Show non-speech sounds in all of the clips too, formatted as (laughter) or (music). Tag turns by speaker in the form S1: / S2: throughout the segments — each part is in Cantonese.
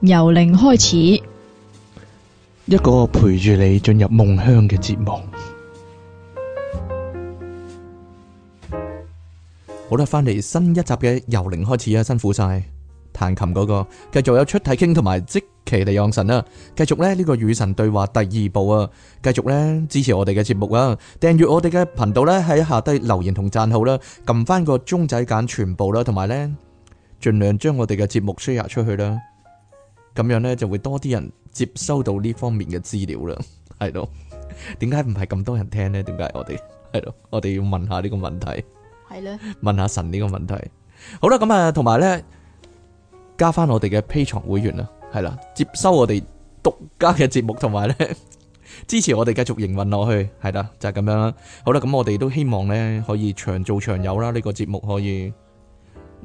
S1: 由零開始，
S2: 一個陪住你進入夢鄉嘅節目。好啦，翻嚟新一集嘅由零開始啊，辛苦晒彈琴嗰個。繼續有出體傾同埋即奇地養神啦。繼續咧呢個與神對話第二部啊。繼續咧支持我哋嘅節目啊，訂閱我哋嘅頻道咧，喺下低留言同讚好啦，撳翻個鐘仔揀全部啦，同埋咧盡量將我哋嘅節目 share 出去啦。咁樣咧，就會多啲人接收到呢方面嘅資料啦，係咯。點解唔係咁多人聽咧？點解我哋係咯？我哋要問下呢個問題，係啦，問下神呢個問題。好啦，咁啊，同埋咧，加翻我哋嘅 Patreon 會員啦，係啦，接收我哋獨家嘅節目，同埋咧，支持我哋繼續營運落去，係啦，就係咁樣啦。好啦，咁我哋都希望咧，可以長做長有啦，呢個節目可以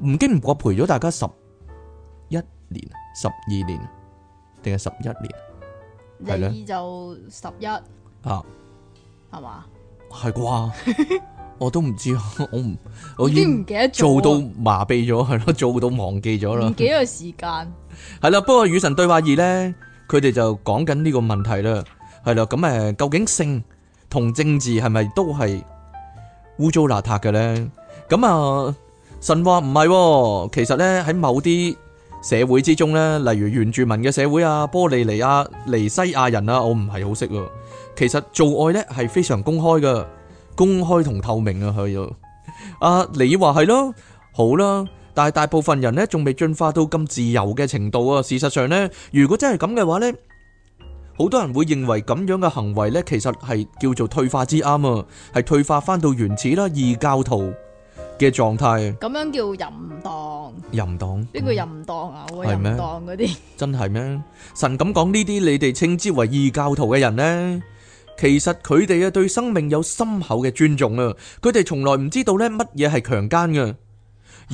S2: 唔經唔覺陪咗大家十一年。十二年定係十一年？第二
S1: 就十一啊，
S2: 係嘛吧？係啩？ (laughs) 我都唔知，我唔我已經唔記得做到麻痹咗，係咯，做到忘記咗啦，唔
S1: 記得時間。
S2: 係啦， (laughs) 不過與神對話二咧，佢哋就講緊呢個問題啦。係啦，咁誒，究竟性同政治係咪都係污糟邋遢嘅咧？咁啊，神話唔係，哦，其實咧喺某啲。社會之中呢，例如原住民嘅社會啊，玻利尼亞、啊、尼西亞人啊，我唔係好識。其實做愛呢係非常公開嘅，公開同透明啊佢。啊，你話係咯，好啦，但係大部分人呢，仲未進化到咁自由嘅程度啊。事實上呢，如果真係咁嘅話呢，好多人會認為咁樣嘅行為呢，其實係叫做退化之啱啊，係退化翻到原始啦，異教徒。嘅狀態，
S1: 咁樣叫淫蕩，
S2: 淫蕩呢
S1: 個淫蕩啊，淫蕩嗰啲，
S2: 真係咩？神咁講呢啲，你哋稱之為異教徒嘅人咧，其實佢哋啊，對生命有深厚嘅尊重啊，佢哋從來唔知道咧乜嘢係強姦噶，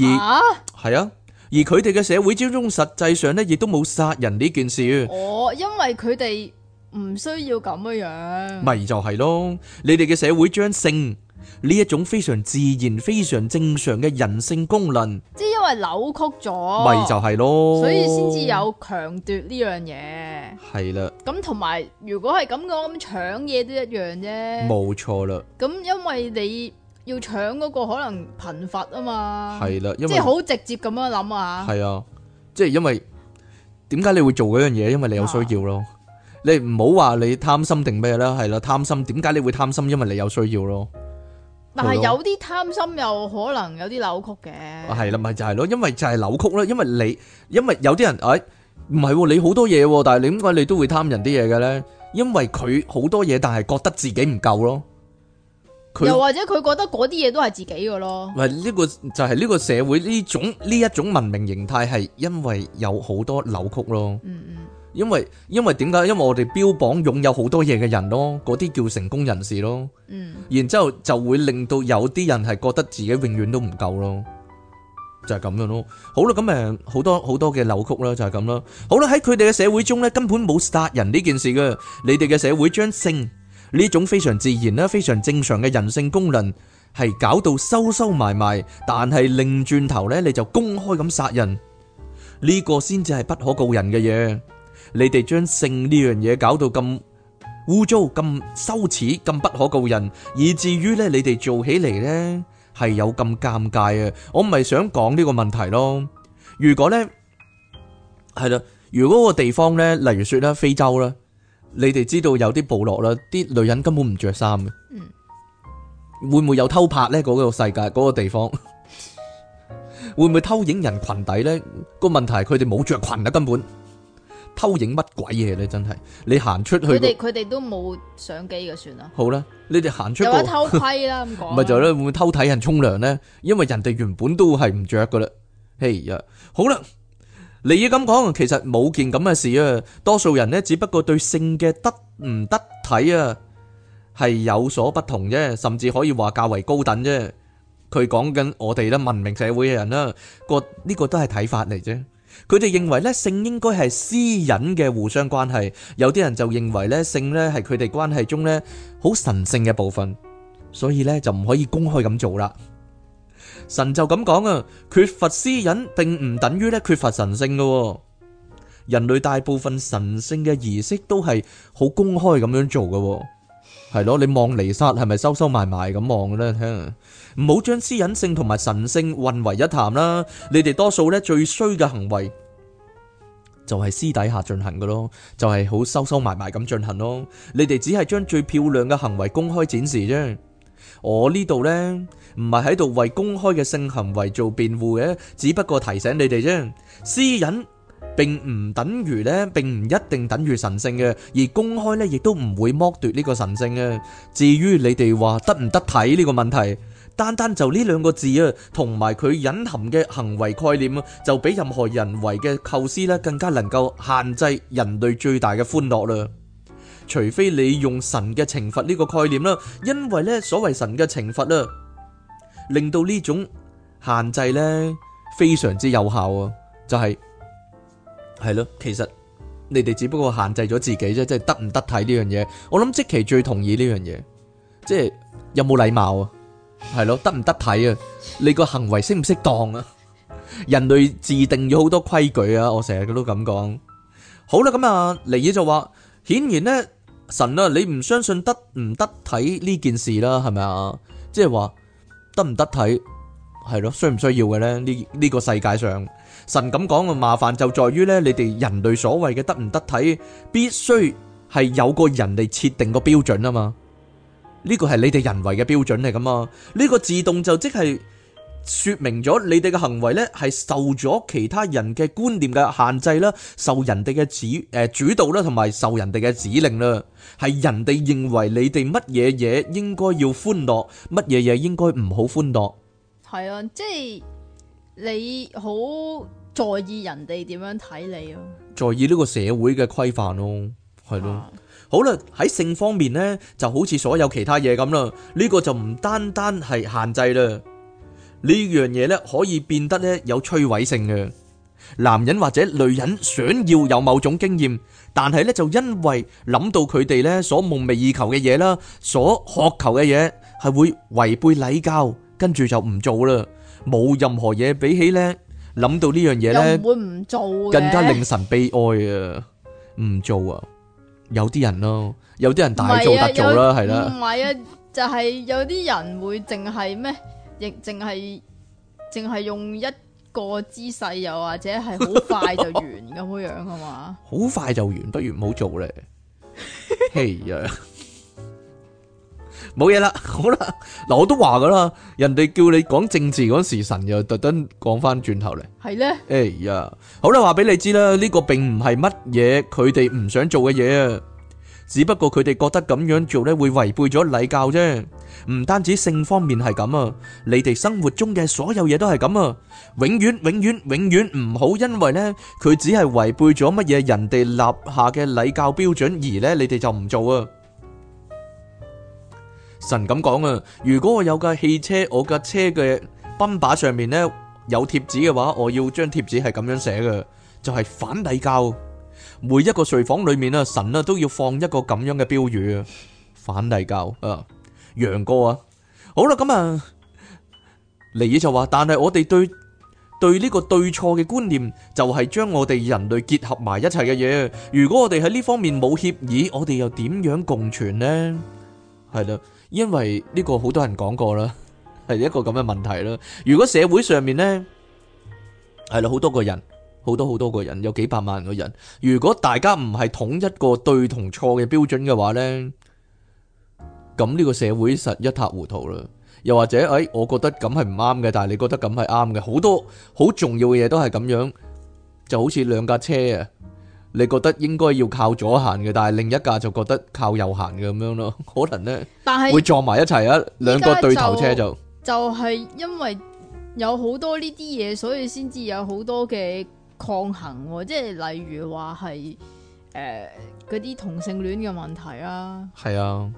S2: 而啊，係啊，而佢哋嘅社會之中，實際上咧亦都冇殺人呢件事。
S1: 哦，因為佢哋唔需要咁樣，咪
S2: 就係咯，你哋嘅社會將性。呢一種非常自然、非常正常嘅人性功能，
S1: 即係因為扭曲咗，咪就係
S2: 咯，所以先至有
S1: 強奪呢樣嘢係啦。咁同埋，如果係咁嘅話，咁搶嘢都一樣啫，冇
S2: 錯啦。
S1: 咁因為你要搶嗰個可能貧乏啊嘛，
S2: 係啦，因為，即係好
S1: 直接咁樣諗啊，係
S2: 啊，即係因為點解你會做嗰樣嘢？因為你有需要咯。啊、你唔好話你貪心定咩啦，係啦，貪心，點解你會貪心？因為你有需要咯。但係有
S1: 啲貪心又可能有啲扭曲嘅，
S2: 係啦，咪就係咯，因為就係扭曲咯，因為你因為有啲人誒，唔係你好多嘢，但係你點解你都會貪人啲嘢嘅咧？因為佢好多嘢，但係覺得自己唔夠咯。佢又或
S1: 者佢覺得嗰啲嘢都係自己嘅咯。
S2: 係呢個就係呢個社會呢種呢一種文明形態，係因為有好多扭曲咯。嗯嗯。因為因為點解？因為我哋標榜擁有好多嘢嘅人咯，嗰啲叫成功人士咯。嗯。然之後就會令到有啲人係覺得自己永遠都唔夠咯，就係咁樣咯。好啦，咁誒好多好多嘅扭曲啦，就係咁啦。好啦，喺佢哋嘅社會中呢，根本冇殺人呢件事嘅。你哋嘅社會將性呢種非常自然啦、非常正常嘅人性功能係搞到收收埋埋，但係擰轉頭呢，你就公開咁殺人，呢個先至係不可告人嘅嘢。你哋將性呢樣嘢搞到咁污糟、咁羞恥、咁不可告人，以至於咧你哋做起嚟咧係有咁尷尬嘅。我唔係想講呢個問題咯。如果咧係啦，如果個地方咧，例如說咧非洲啦，你哋知道有啲部落啦，啲女人根本唔着衫嘅，會唔會有偷拍咧？嗰個世界嗰個地方會唔會偷影人裙底咧？個問題，佢哋冇着裙啊，根本。偷影乜鬼嘢、啊、咧？真係你行出去、那個，
S1: 佢哋佢哋都冇相機嘅算
S2: 啦。好啦，你哋行出去，有得偷窺啦咁講。唔係 (laughs) 就咧、是、會唔會偷睇人沖涼咧？因為人哋原本都係唔着嘅啦。嘿呀，好啦，你咁講，其實冇件咁嘅事啊。多數人咧只不過對性嘅得唔得體啊係有所不同啫，甚至可以話較為高等啫。佢講緊我哋咧文明社會嘅人啦、啊，個、這、呢個都係睇法嚟啫。佢哋認為咧，性應該係私隱嘅互相關係，有啲人就認為咧，性咧係佢哋關係中咧好神聖嘅部分，所以咧就唔可以公開咁做啦。神就咁講啊，缺乏私隱並唔等於咧缺乏神聖噶。人類大部分神聖嘅儀式都係好公開咁樣做噶，係咯？你望彌撒係咪收收埋埋咁望咧？唔好將私隱性同埋神性混為一談啦。你哋多數咧最衰嘅行為就係私底下進行嘅咯，就係好收收埋埋咁進行咯。你哋只係將最漂亮嘅行為公開展示啫。我呢度咧唔係喺度為公開嘅性行為做辯護嘅，只不過提醒你哋啫。私隱並唔等於咧，並唔一定等於神聖嘅，而公開咧亦都唔會剝奪呢個神聖嘅。至於你哋話得唔得體呢個問題？單單就呢兩個字啊，同埋佢隱含嘅行為概念啊，就比任何人為嘅構思咧更加能夠限制人類最大嘅歡樂啦。除非你用神嘅懲罰呢個概念啦，因為呢所謂神嘅懲罰啦，令到呢種限制呢非常之有效啊。就係係咯，其實你哋只不過限制咗自己啫，即係得唔得體呢樣嘢？我諗即其最同意呢樣嘢，即係有冇禮貌啊？係咯，得唔得體啊？你個行為適唔適當啊？ (laughs) 人類自定咗好多規矩啊，我成日都咁講。好啦，咁啊，尼爾就話，顯然呢，神啊，你唔相信得唔得體呢件事啦，係咪啊？即係話得唔得體，係咯，需唔需要嘅咧？呢呢、這個世界上，神咁講嘅麻煩就在於呢，你哋人類所謂嘅得唔得體，必須係有個人嚟設定個標準啊嘛。呢個係你哋人為嘅標準嚟噶嘛？呢、這個自動就即係說明咗你哋嘅行為呢係受咗其他人嘅觀念嘅限制啦，受人哋嘅指誒、呃、主導啦，同埋受人哋嘅指令啦，係人哋認為你哋乜嘢嘢應該要歡樂，乜嘢嘢應該唔好歡樂。
S1: 係啊，即係你好在意人哋點樣睇你啊？
S2: 在意呢個社會嘅規範咯，係咯、啊。好啦，喺性方面咧，就好似所有其他嘢咁啦。呢個就唔單單係限制啦，呢樣嘢咧可以變得咧有摧毀性嘅。男人或者女人想要有某種經驗，但係咧就因為諗到佢哋咧所夢寐以求嘅嘢啦，所渴求嘅嘢係會違背禮教，跟住就唔做啦，冇任何嘢比起咧諗到呢樣嘢咧，
S1: 更加令
S2: 神悲哀啊！唔做啊！有啲人咯，有啲人大做、啊、特做啦，係啦有。唔
S1: 係是的 啊，就係、是、有啲人會淨係咩，亦淨係淨係用一個姿勢，又或者係好快就完咁 (laughs) 樣樣啊嘛。
S2: 好快就完，不如唔好做咧。嘿呀！冇嘢啦，好啦，嗱我都話噶啦，人哋叫你講政治嗰時，神又特登講翻轉頭嚟，係呢，哎呀，好啦，話俾你知啦，呢個並唔係乜嘢佢哋唔想做嘅嘢，只不過佢哋覺得咁樣做呢會違背咗禮教啫，唔單止性方面係咁啊，你哋生活中嘅所有嘢都係咁啊，永遠永遠永遠唔好因為呢佢只係違背咗乜嘢人哋立下嘅禮教標準而呢你哋就唔做啊。神咁講啊！如果我有架汽車，我架車嘅奔把上面呢有貼紙嘅話，我要將貼紙係咁樣寫嘅，就係、是、反禮教。每一個睡房裏面啊，神啊都要放一個咁樣嘅標語啊，反禮教啊，楊哥啊，好啦，咁啊，尼爾就話，但係我哋對對呢個對錯嘅觀念，就係將我哋人類結合埋一齊嘅嘢。如果我哋喺呢方面冇協議，我哋又點樣共存呢？係啦。因為呢個好多人講過啦，係一個咁嘅問題啦。如果社會上面呢，係咯好多個人，好多好多個人，有幾百萬個人。如果大家唔係統一個對同錯嘅標準嘅話呢，咁呢個社會實一塌糊塗啦。又或者誒，哎，我覺得咁係唔啱嘅，但係你覺得咁係啱嘅，好多好重要嘅嘢都係咁樣，就好似兩架車啊。你覺得應該要靠左行嘅，但係另一架就覺得靠右行嘅咁樣咯，可能呢，但係會撞埋一齊啊！兩個對頭車就
S1: 就係因為有好多呢啲嘢，所以先至有好多嘅抗衡。即係例如話係誒嗰啲同性戀嘅問題啊，
S2: 係啊，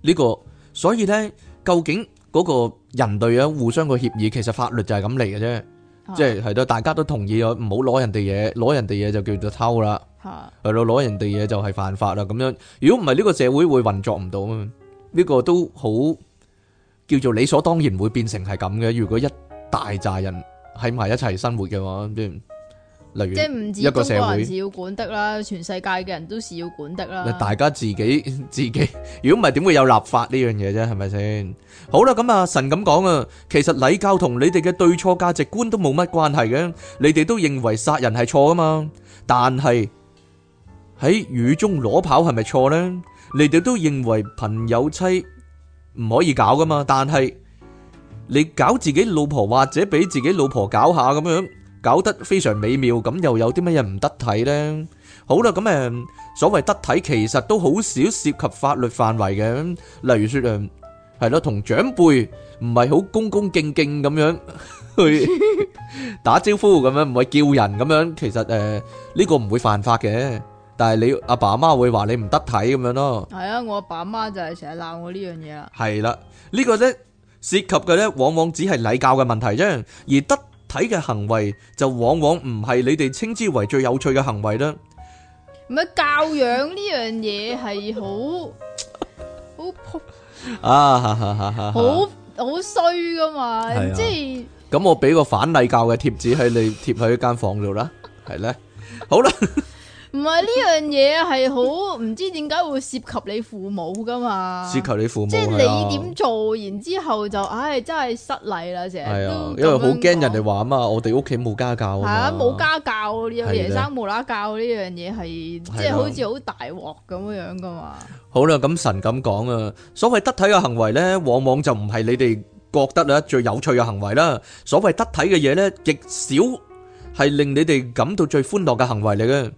S2: 呢個所以呢，究竟嗰個人對啊互相個協議，其實法律就係咁嚟嘅啫。啊、即係係咯，大家都同意咗，唔好攞人哋嘢，攞人哋嘢就叫做偷啦。係咯，攞人哋嘢就係犯法啦。咁樣，如果唔係呢個社會會運作唔到啊。呢個都好叫做理所當然會變成係咁嘅。如果一大扎人喺埋一齊生活嘅話，即係唔止一個社會是要
S1: 管的啦，全世界嘅人都是要管的啦。大
S2: 家自己自己，如果唔係點會有立法呢樣嘢啫？係咪先？好啦，咁啊，神咁講啊，其實禮教同你哋嘅對錯價值觀都冇乜關係嘅，你哋都認為殺人係錯啊嘛，但係。喺雨中裸跑係咪錯呢？你哋都認為朋友妻唔可以搞噶嘛？但係你搞自己老婆或者俾自己老婆搞下咁樣，搞得非常美妙，咁又有啲乜嘢唔得體呢？好啦，咁誒，所謂得體其實都好少涉及法律範圍嘅。例如說誒，係咯，同長輩唔係好恭恭敬敬咁樣去打招呼咁樣，唔係叫人咁樣，其實誒呢個唔會犯法嘅。但係你阿爸阿媽會話你唔得體咁樣咯，
S1: 係啊，我阿爸阿媽就係成日鬧我、這個、呢樣嘢啊。
S2: 係啦，呢個咧涉及嘅咧，往往只係禮教嘅問題啫，而得體嘅行為就往往唔係你哋稱之為最有趣嘅行為啦。
S1: 唔係教養呢樣嘢係好，
S2: 好撲啊，好
S1: 好衰噶嘛，即係。
S2: 咁我俾個反禮教嘅貼紙喺你貼喺一間房度啦，係咧，好啦。
S1: 唔係呢樣嘢，係好唔知點解會涉及你父母噶嘛？涉及
S2: 你父母，即係你點
S1: 做，然之後就唉，真係失禮啦。成日都因為好驚
S2: 人哋話啊嘛。我哋屋企冇家教啊，吓，冇家
S1: 教，有爺生冇乸教呢樣嘢，係即係好似好大鑊咁樣噶嘛。
S2: 好啦，咁神咁講啊，所謂得體嘅行為咧，往往就唔係你哋覺得咧最有趣嘅行為啦。所謂得體嘅嘢咧，極少係令你哋感到最歡樂嘅行為嚟嘅。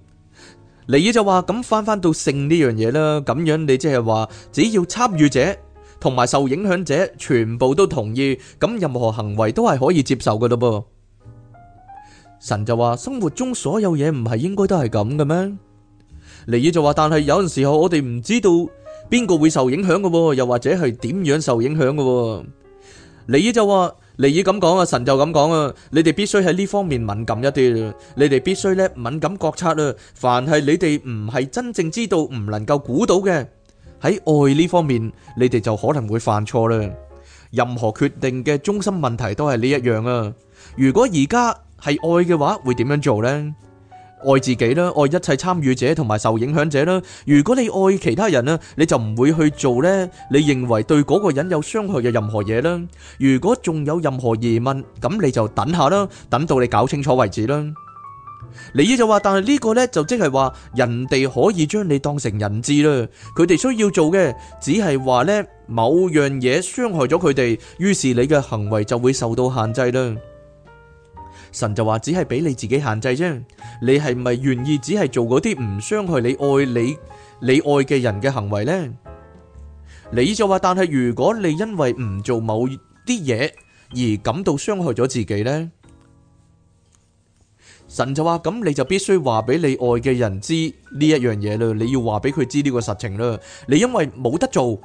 S2: 尼爾就話：咁翻翻到性呢樣嘢啦，咁樣你即係話只要參與者同埋受影響者全部都同意，咁任何行為都係可以接受噶咯噃。神就話：生活中所有嘢唔係應該都係咁嘅咩？尼爾就話：但係有陣時候我哋唔知道邊個會受影響噶，又或者係點樣受影響噶。尼爾就話。你以咁講啊。神就咁講啊，你哋必須喺呢方面敏感一啲，你哋必須咧敏感覺察啊。凡係你哋唔係真正知道，唔能夠估到嘅，喺愛呢方面，你哋就可能會犯錯啦。任何決定嘅中心問題都係呢一樣啊。如果而家係愛嘅話，會點樣做呢？愛自己啦，愛一切參與者同埋受影響者啦。如果你愛其他人呀，你就唔會去做呢，你認為對嗰個人有傷害嘅任何嘢啦。如果仲有任何疑問，咁你就等下啦，等到你搞清楚為止啦。你姨 (music) 就話，但係呢個呢，就即係話，人哋可以將你當成人質啦，佢哋需要做嘅，只係話呢某樣嘢傷害咗佢哋，於是你嘅行為就會受到限制啦。神就話，只係俾你自己限制啫，你係咪願意只係做嗰啲唔傷害你愛你你愛嘅人嘅行為呢？你就話，但係如果你因為唔做某啲嘢而感到傷害咗自己呢，神就話咁，你就必須話俾你愛嘅人知呢一樣嘢啦，你要話俾佢知呢個實情啦，你因為冇得做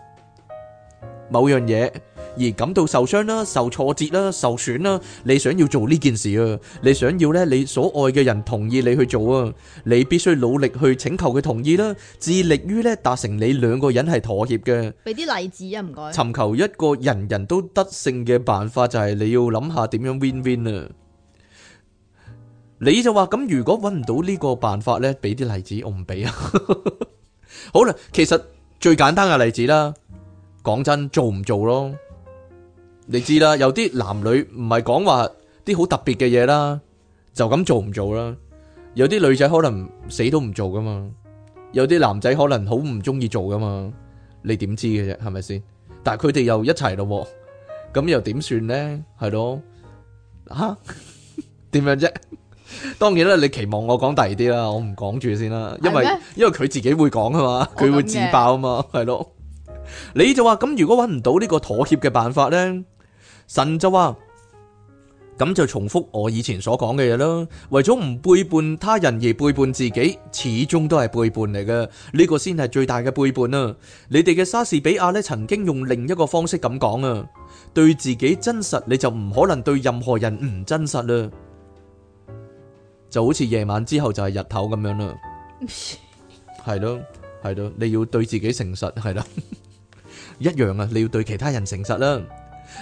S2: 某樣嘢。而感到受傷啦、受挫折啦、受損啦，你想要做呢件事啊？你想要咧，你所愛嘅人同意你去做啊？你必須努力去請求佢同意啦，致力於咧達成你兩個人係妥協嘅。
S1: 俾啲例子啊，唔該。尋
S2: 求一個人人都得勝嘅辦法，就係你要諗下點樣 win win 啊。你就話咁，如果搵唔到呢個辦法呢，俾啲例子，我唔俾啊。好啦，其實最簡單嘅例子啦，講真，做唔做咯？你知啦，有啲男女唔係講話啲好特別嘅嘢啦，就咁做唔做啦？有啲女仔可能死都唔做噶嘛，有啲男仔可能好唔中意做噶嘛，你點知嘅啫？係咪先？但係佢哋又一齊咯，咁又點算咧？係咯？吓、啊？點 (laughs) 樣啫？當然啦，你期望我講第二啲啦，我唔講住先啦嗎，因為因為佢自己會講啊嘛，佢會自爆啊嘛，係咯？是的 (laughs) 你就話咁，如果搵唔到呢個妥協嘅辦法咧？神就話：咁就重複我以前所講嘅嘢啦。為咗唔背叛他人而背叛自己，始終都係背叛嚟嘅。呢個先係最大嘅背叛啊。你哋嘅莎士比亞咧，曾經用另一個方式咁講啊：對自己真實，你就唔可能對任何人唔真實啦。就好似夜晚之後就係日頭咁樣啦。係咯，係咯，你要對自己誠實，係啦，一樣啊，你要對其他人誠實啦。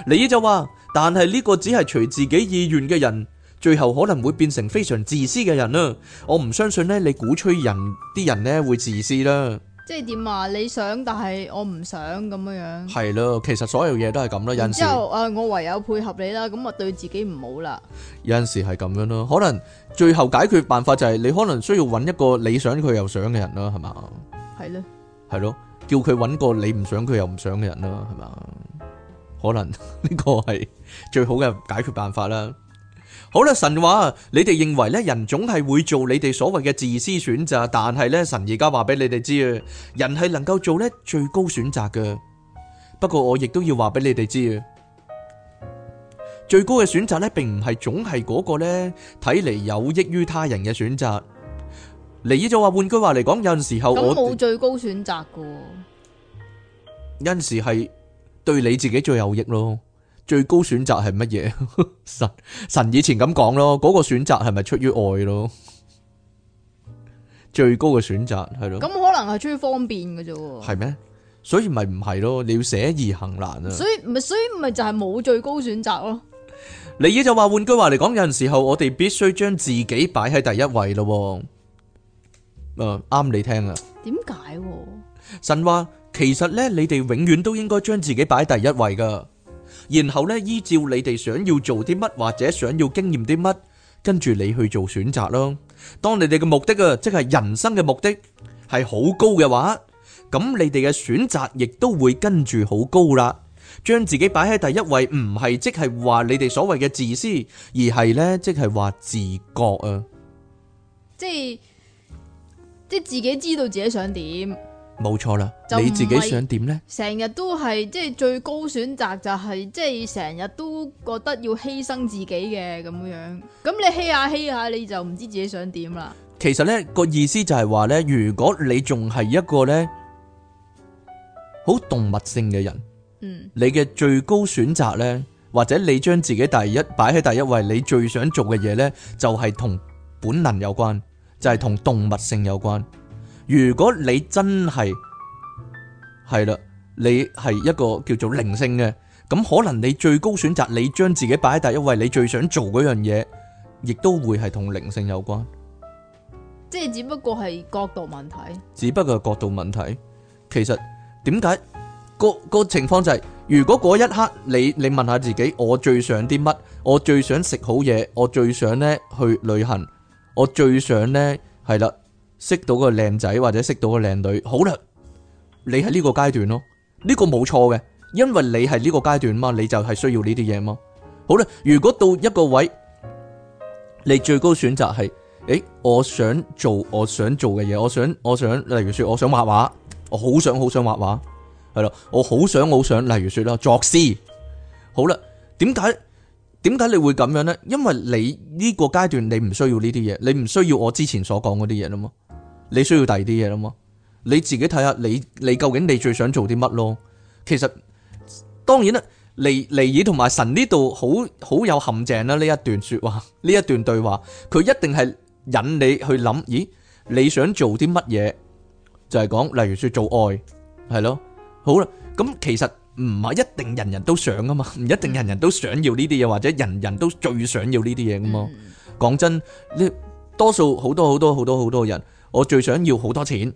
S2: 你就話，但係呢個只係隨自己意願嘅人，最後可能會變成非常自私嘅人啦。我唔相信咧，你鼓吹人啲人咧會自私啦。
S1: 即係點啊？你想，但係我唔想咁樣樣。
S2: 係咯，其實所有嘢都係咁啦。之後
S1: 誒，我唯有配合你啦，咁啊，對自己唔好啦。有
S2: 陣時係咁樣咯，可能最後解決辦法就係你可能需要揾一個你想佢又想嘅人啦，係嘛？係咯。係咯，叫佢揾個你唔想佢又唔想嘅人啦，係嘛？可能呢個係最好嘅解決辦法啦。好啦，神話，你哋認為咧，人總係會做你哋所謂嘅自私選擇，但係咧，神而家話俾你哋知，人係能夠做咧最高選擇嘅。不過我亦都要話俾你哋知啊，最高嘅選擇咧，並唔係總係嗰個咧睇嚟，有益於他人嘅選擇。尼爾就話，換句話嚟講，有陣時候我冇
S1: 最高選擇嘅，有
S2: 陣時係。對你自己最有益咯，最高選擇係乜嘢？ (laughs) 神，神以前咁講咯，嗰個選擇係咪出於愛咯？最高嘅選擇係咯。咁
S1: 可能係出於方便嘅啫。係
S2: 咩？所以咪唔係咯？你要捨而行難啊！所以
S1: 咪所以咪就係冇最高選擇咯。
S2: 你爾就話換句話嚟講，有陣時候我哋必須將自己擺喺第一位咯。誒、呃，啱你聽啊！點解？神話。其實咧，你哋永遠都應該將自己擺第一位噶然後咧依照，你哋想要做啲乜或者想要經驗啲乜，跟住你去做選擇咯。當你哋嘅目的啊，即係人生嘅目的係好高嘅話，咁你哋嘅選擇亦都會跟住好高啦。將自己擺喺第一位，唔係即係話你哋所謂嘅自私，而係咧即係話自覺啊，
S1: 即係即係自己知道自己想點。
S2: 冇錯啦，錯不你自己想點呢？
S1: 成日都係即係最高選擇就係、是、即係成日都覺得要犧牲自己嘅。咁樣。咁你犧下犧下，你就唔知自己想點啦。
S2: 其實呢、呢個意思就係話呢，如果你仲係一個呢好動物性嘅人，嗯，你嘅最高選擇呢，或者你將自己第一擺喺第一位，你最想做嘅嘢呢，就係、是、同本能有關，就係、是、同動物性有關。嗯嗯如果你真係係啦，你係一個叫做靈性嘅，咁可能你最高選擇，你將自己擺喺第一位，你最想做嗰樣嘢，亦都會係同靈性有關。
S1: 即係只不過係角度問題，
S2: 只不過係角度問題。其實點解個個情況就係、是，如果嗰一刻你你問下自己我，我最想啲乜？我最想食好嘢，我最想呢去旅行，我最想呢？」係啦。識到個靚仔或者識到個靚女，好啦，你喺呢個階段咯，呢個冇錯嘅，因為你係呢個階段嘛，你就係需要呢啲嘢嘛。好啦，如果到一個位，你最高選擇係，誒，我想做我想做嘅嘢，我想我想，例如說我想畫畫，我好想好想畫畫，係咯，我好想好想，例如說啦作詩，好啦，點解點解你會咁樣呢？因為你呢個階段你唔需要呢啲嘢，你唔需要我之前所講嗰啲嘢啦嘛。你需要第二啲嘢啦嘛？你自己睇下，你你究竟你最想做啲乜咯？其實當然啦，尼尼爾同埋神呢度好好有陷阱啦、啊。呢一段說話，呢一段對話，佢一定係引你去諗，咦？你想做啲乜嘢？就係、是、講，例如說做愛，係咯？好啦，咁其實唔係一定人人都想噶嘛，唔一定人人都想要呢啲嘢，或者人人都最想要呢啲嘢噶嘛？講、嗯、真，你多數好多好多好多好多人。我最想要好多錢，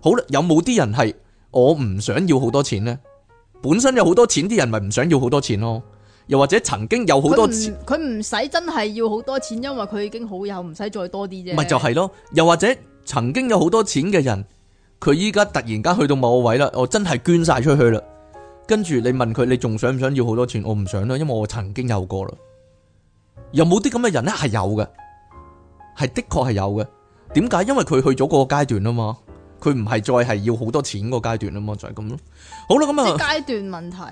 S2: 好啦，有冇啲人係我唔想要好多錢呢？本身有好多錢啲人咪唔想要好多錢咯。又或者曾經有好多錢，
S1: 佢唔使真係要好多錢，因為佢已經好有，唔使再多啲啫。咪就
S2: 係咯，又或者曾經有好多錢嘅人，佢依家突然間去到某個位啦，我真係捐晒出去啦。跟住你問佢，你仲想唔想要好多錢？我唔想啦，因為我曾經有過啦。有冇啲咁嘅人咧？係有嘅，係的確係有嘅。點解？因為佢去咗個階段啊嘛，佢唔係再係要好多錢個階段啊嘛，就係咁咯。好啦，咁啊，階
S1: 段問題，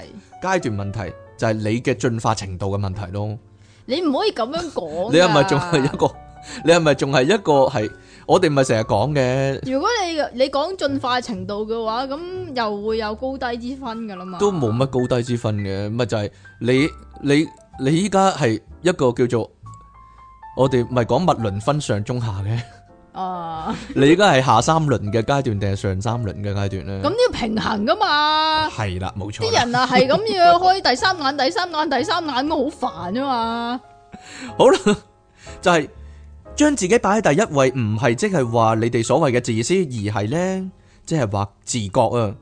S2: 階段問題就係你嘅進化程度嘅問題咯。
S1: 你唔可以咁樣講。你係咪仲係
S2: 一個？你係咪仲係一個係？我哋咪成日講嘅。
S1: 如果你你講進化程度嘅話，咁又會有高低之分噶啦嘛？都
S2: 冇乜高低之分嘅，咪就係你你你依家係一個叫做我哋咪講物論分上中下嘅。
S1: 啊！Uh, 你依家係下
S2: 三輪嘅階段定係上三輪嘅階段咧？咁
S1: 要平衡噶嘛？係
S2: 啦，哦，冇錯。啲人
S1: 啊，係咁樣開第三眼、第三眼、第三眼咁，好煩啊嘛！
S2: 好啦，就係、是、將自己擺喺第一位，唔係即係話你哋所謂嘅自私，而係咧即係話自覺啊！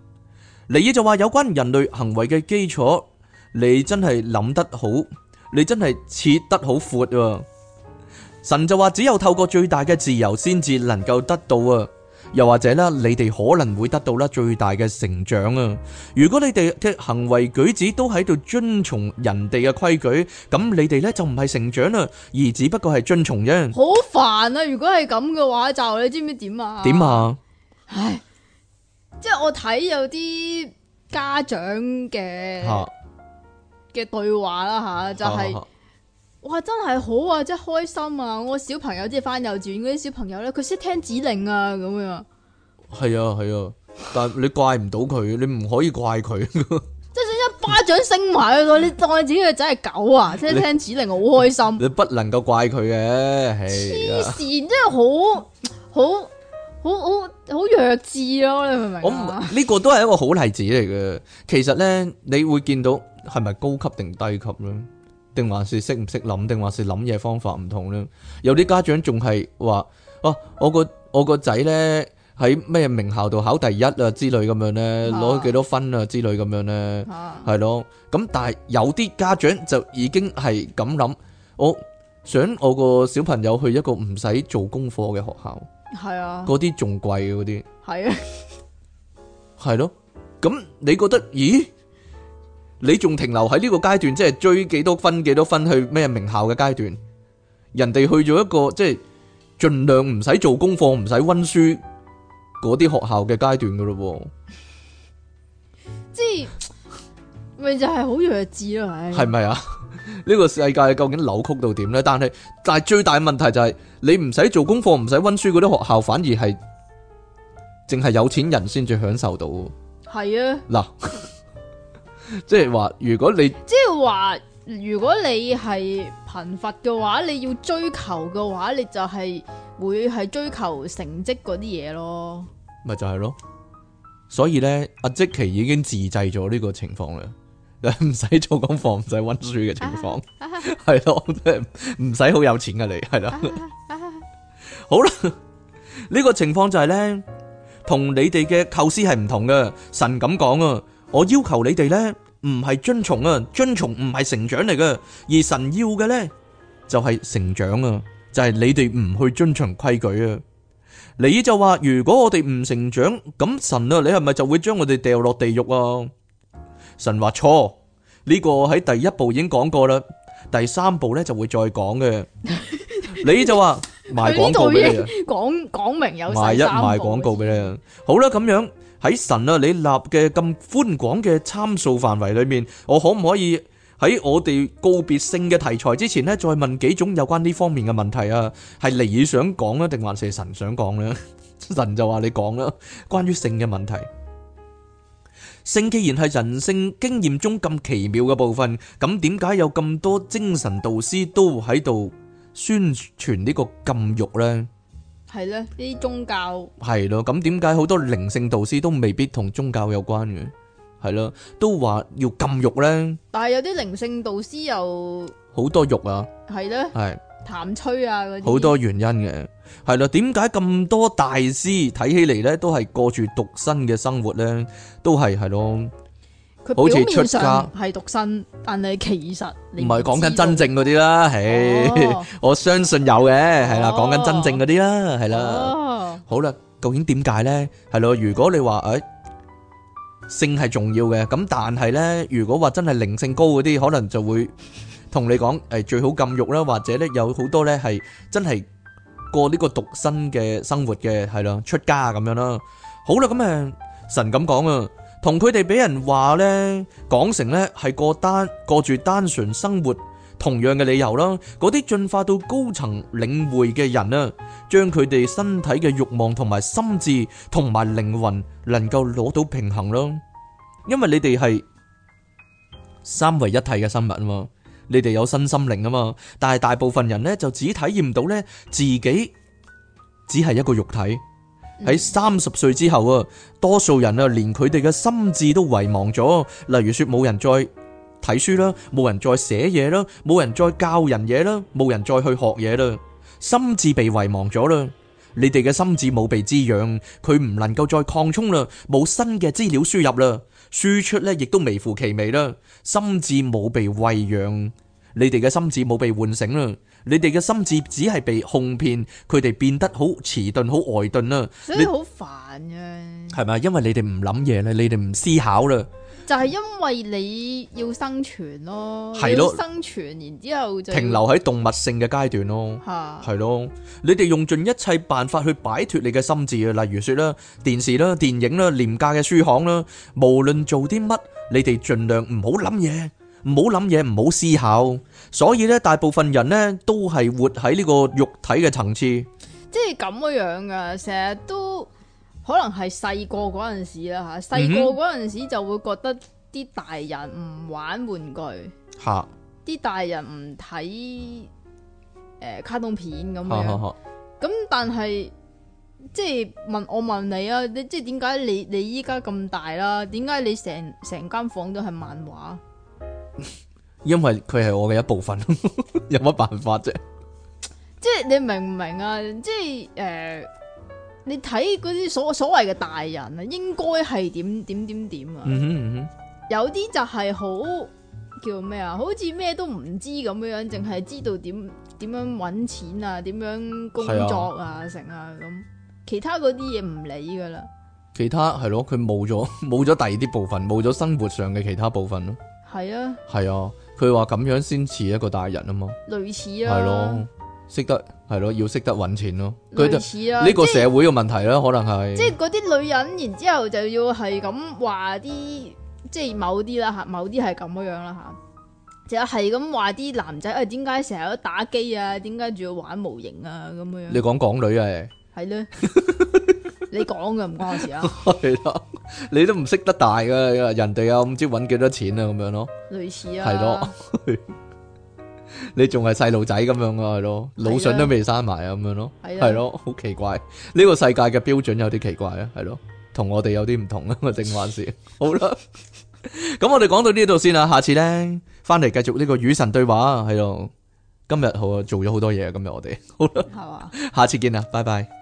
S2: 尼爾就話有關人類行為嘅基礎，你真係諗得好，你真係設得好闊、啊。神就話只有透過最大嘅自由，先至能夠得到啊！又或者咧，你哋可能會得到咧最大嘅成長啊！如果你哋嘅行為舉止都喺度遵從人哋嘅規矩，咁你哋咧就唔係成長啦，而只不過係遵從啫。
S1: 好煩啊！如果係咁嘅話，就你知唔知點啊？
S2: 點啊？唉，
S1: 即係我睇有啲家長嘅嘅、啊、對話啦吓、啊，就係、是。啊啊哇！真係好啊，真係開心啊！我小朋友即係翻幼稚園嗰啲小朋友咧，佢識聽指令啊，咁樣。
S2: 係啊，係啊，但你怪唔到佢，你唔可以怪佢。即
S1: (laughs) 係一巴掌升埋去，你當你自己嘅仔係狗啊！即係聽指令，好你開心
S2: 你。你不能夠怪佢嘅，啊，黐
S1: 線、啊、真係好好好好好弱智咯，啊！你明唔明啊？呢、
S2: 呢個都係一個好例子嚟嘅。其實咧，你會見到係咪高級定低級咧？定還是識唔識諗，定還是諗嘢方法唔同咧？有啲家長仲係話，哦，我個我個仔咧喺咩名校度考第一啊之類咁樣咧，攞幾多分啊之類咁樣咧，係咯。咁但係有啲家長就已經係咁諗，我想我個小朋友去一個唔使做功課嘅學校，係啊，嗰啲仲貴嘅嗰啲，係啊，係咯。咁你覺得？咦？你仲停留喺呢個階段，即係追幾多分、幾多分去咩名校嘅階段？人哋去咗一個即係盡量唔使做功課、唔使溫書嗰啲學校嘅階段噶咯，
S1: 即係咪就係好弱智咯？係係咪
S2: 啊？呢個世界究竟扭曲到點咧？但係但係最大問題就係你唔使做功課、唔使溫書嗰啲學校，反而係淨係有錢人先至享受到。係啊，嗱。 (laughs) 即係話，如果你
S1: 即係話，如果你係貧乏嘅話，你要追求嘅話，你就係會係追求成績嗰啲嘢咯。
S2: 咪就係咯。所以咧，阿即奇已經自製咗呢個情況啦，唔 (laughs) 使做功課唔使温書嘅情況，係咯、啊，即係唔使好有錢噶你，係啦、啊。啊、 (laughs) 好啦，呢、這個情況就係、是、咧，同你哋嘅構思係唔同嘅。神咁講啊！我要求你哋呢，唔係遵從啊，遵從唔係成長嚟㗎，而神要嘅呢，就係成長啊，就係你哋唔去遵從規矩啊。你就話如果我哋唔成長，咁神啊，你係咪就會將我哋掉落地獄啊？神話錯，呢、這個喺第一部已經講過啦，第三部呢就會再講嘅。 (laughs) 你就話賣廣告俾你啊，
S1: 講講 (laughs) 明有第三部賣一賣廣
S2: 告俾你，好啦，咁樣。喺神啊，你立嘅咁寬廣嘅參數範圍裏面，我可唔可以喺我哋告別性嘅題材之前咧，再問幾種有關呢方面嘅問題啊？係你想講咧，定還是神想講咧？神就話你講啦，關於性嘅問題。性既然係人性經驗中咁奇妙嘅部分，咁點解有咁多精神導師都喺度宣傳呢個禁欲咧？
S1: 係咧，呢啲宗教
S2: 係咯，咁點解好多靈性導師都未必同宗教有關嘅？係咯，都話要禁肉咧。
S1: 但係有啲靈性導師又
S2: 好多肉啊。係咧的，係
S1: 談吹啊嗰啲。好多
S2: 原因嘅，係咯？點解咁多大師睇起嚟咧，都係過住獨身嘅生活咧？都係係咯。佢表面上係
S1: 獨身，好似出家，但係其實唔係講緊
S2: 真正嗰啲啦。係，我相信有嘅，係啦，講緊真正嗰啲啦，係啦。好啦，究竟點解咧？係咯，如果你話誒，性係重要嘅，咁但係咧，如果話真係靈性高嗰啲，可能就會同你講，誒，最好禁欲啦，或者咧有好多咧係真係過呢個獨身嘅生活嘅，係啦，出家咁樣啦。好啦，咁誒神咁講啊。同佢哋俾人話咧，講成咧係過單過住單純生活，同樣嘅理由啦。嗰啲進化到高層領會嘅人啊，將佢哋身體嘅慾望同埋心智同埋靈魂能夠攞到平衡咯。因為你哋係三位一體嘅生物啊嘛，你哋有身心靈啊嘛。但係大部分人咧就只體驗到咧自己只係一個肉體。喺三十歲之後啊，多數人啊，連佢哋嘅心智都遺忘咗。例如說，冇人再睇書啦，冇人再寫嘢啦，冇人再教人嘢啦，冇人再去學嘢啦，心智被遺忘咗啦。你哋嘅心智冇被滋養，佢唔能夠再擴充啦，冇新嘅資料輸入啦，輸出咧亦都微乎其微啦，心智冇被餵養。你哋嘅心智冇被喚醒啦，你哋嘅心智只係被哄騙，佢哋變得好遲鈍、好呆鈍啦，所以好
S1: 煩呀。
S2: 係咪？因為你哋唔諗嘢啦，你哋唔思考啦，
S1: 就係因為你要生存咯，係咯，生存，然之後停留喺
S2: 動物性嘅階段咯，係咯，你哋用盡一切辦法去擺脫你嘅心智呀，例如說啦，電視啦、電影啦、廉價嘅書行啦，無論做啲乜，你哋盡量唔好諗嘢。唔好諗嘢，唔好思，思考，所以咧，大部分人咧都係活喺呢個肉體嘅層次，
S1: 即係咁嘅樣噶。成日都可能係細個嗰陣時啦，吓，細個嗰陣時就會覺得啲大人唔玩玩具，吓啲 (laughs) 大人唔睇誒卡通片咁樣。咁 (laughs) 但係即係問我問你啊，你即係點解你你依家咁大啦？點解你成成間房間都係漫畫？
S2: 因為佢係我嘅一部分， (laughs) 有乜辦法啫？
S1: 即係你明唔明啊？即係誒、呃，你睇嗰啲所所謂嘅大人啊，應該係點樣點樣點樣啊，應該係點點點點啊？嗯哼嗯哼、有啲就係好叫咩啊？好似咩都唔知咁樣樣，淨係知道點點樣搵錢啊，點樣工作啊，成啊咁，其他嗰啲嘢唔理噶啦。
S2: 其他係咯，佢冇咗冇咗第二啲部分，冇咗生活上嘅其他部分咯。係啊，係啊，佢話咁樣先似一個大人啊嘛，類似啊，係咯，識得係咯，要識得搵錢咯，類似啊，呢個社會嘅問題啦，即可能係，即係
S1: 嗰啲女人，然之後就要係咁話啲，即係某啲啦吓，某啲係咁樣樣啦吓，就係咁話啲男仔啊，點解成日都打機啊，點解仲要玩模型啊咁樣樣，你
S2: 講港女啊，
S1: 係咯的。 (laughs)
S2: 你講嘅唔關事啊，係啦， (laughs) 你都唔識得大嘅，人哋啊唔知搵幾多錢啊咁樣咯，類似啊，係咯對吧， (laughs) 你仲係細路仔咁樣啊，係咯，腦筍吧都未生埋啊，咁樣咯，係咯吧，好奇怪，呢個世界嘅標準有啲奇怪啊，係咯，我同 (laughs) 好吧 (laughs) 我哋有啲唔同啊，個正話事，好啦，咁我哋講到呢度先啦，下次咧翻嚟繼續呢個與神對話，係咯，今日好啊，做咗好多嘢啊，今日我哋，好啦，吧 (laughs) 下次見啊，拜拜。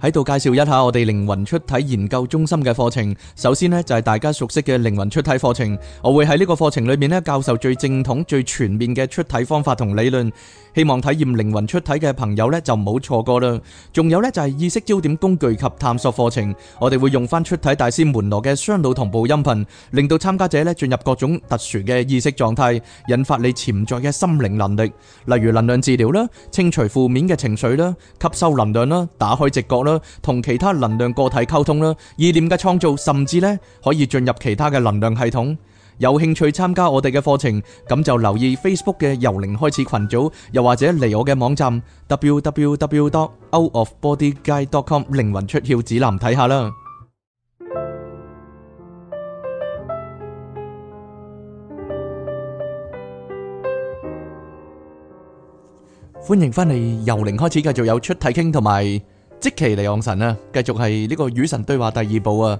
S2: 喺度介紹一下我哋靈魂出體研究中心嘅課程。首先呢就係大家熟悉嘅靈魂出體課程，我會喺呢個課程裏面呢教授最正統、最全面嘅出體方法同理論。希望體驗靈魂出體嘅朋友呢就唔好錯過啦。仲有呢就係意識焦點工具及探索課程，我哋會用翻出體大師門羅嘅雙腦同步音頻，令到參加者呢進入各種特殊嘅意識狀態，引發你潛在嘅心靈能力，例如能量治療啦、清除負面嘅情緒啦、吸收能量啦、打開直覺啦。同其他能量個體溝通啦，意念嘅創造，甚至咧可以進入其他嘅能量系統。有興趣參加我哋嘅課程，咁就留意 Facebook 嘅由零開始群組，又或者嚟我嘅網站 www.outofbodyguide.com 靈魂出竅指南睇下啦。歡迎翻嚟由零開始，繼續有出體傾同埋。即期嚟昂神啦、啊，繼續係呢個與神對話第二部啊，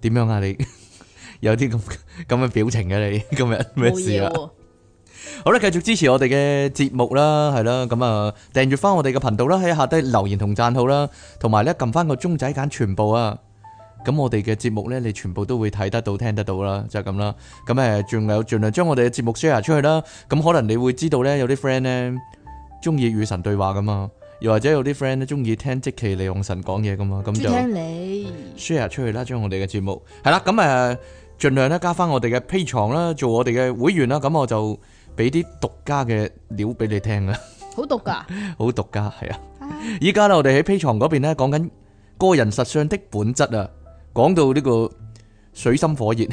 S2: 點樣啊你？ (laughs) 有啲咁咁嘅表情嘅、啊、你 (laughs) 今日咩事啊？哦、好啦，繼續支持我哋嘅節目啦，係啦，咁啊訂閱翻我哋嘅頻道啦，喺下低留言同讚好啦，同埋咧撳翻個鐘仔揀全部啊，咁我哋嘅節目咧你全部都會睇得到、聽得到啦，就係、是、咁啦。咁、嗯、誒，仲有盡量將我哋嘅節目 share 出去啦，咁、嗯、可能你會知道咧有啲 friend 咧中意與神對話噶嘛。又或者有啲 friend 咧中意聽即其李永神講嘢咁嘛，咁就你，share 出去啦，將、嗯、我哋嘅節目係啦，咁，誒盡量咧加翻我哋嘅 P 床啦，做我哋嘅會員啦，咁我就俾啲獨家嘅料俾你聽 (laughs) 獨啊，
S1: 好獨家，
S2: 好獨家，係啊！依家咧我哋喺 P 床嗰邊咧講緊個人實相的本質啊，講到呢個水深火熱，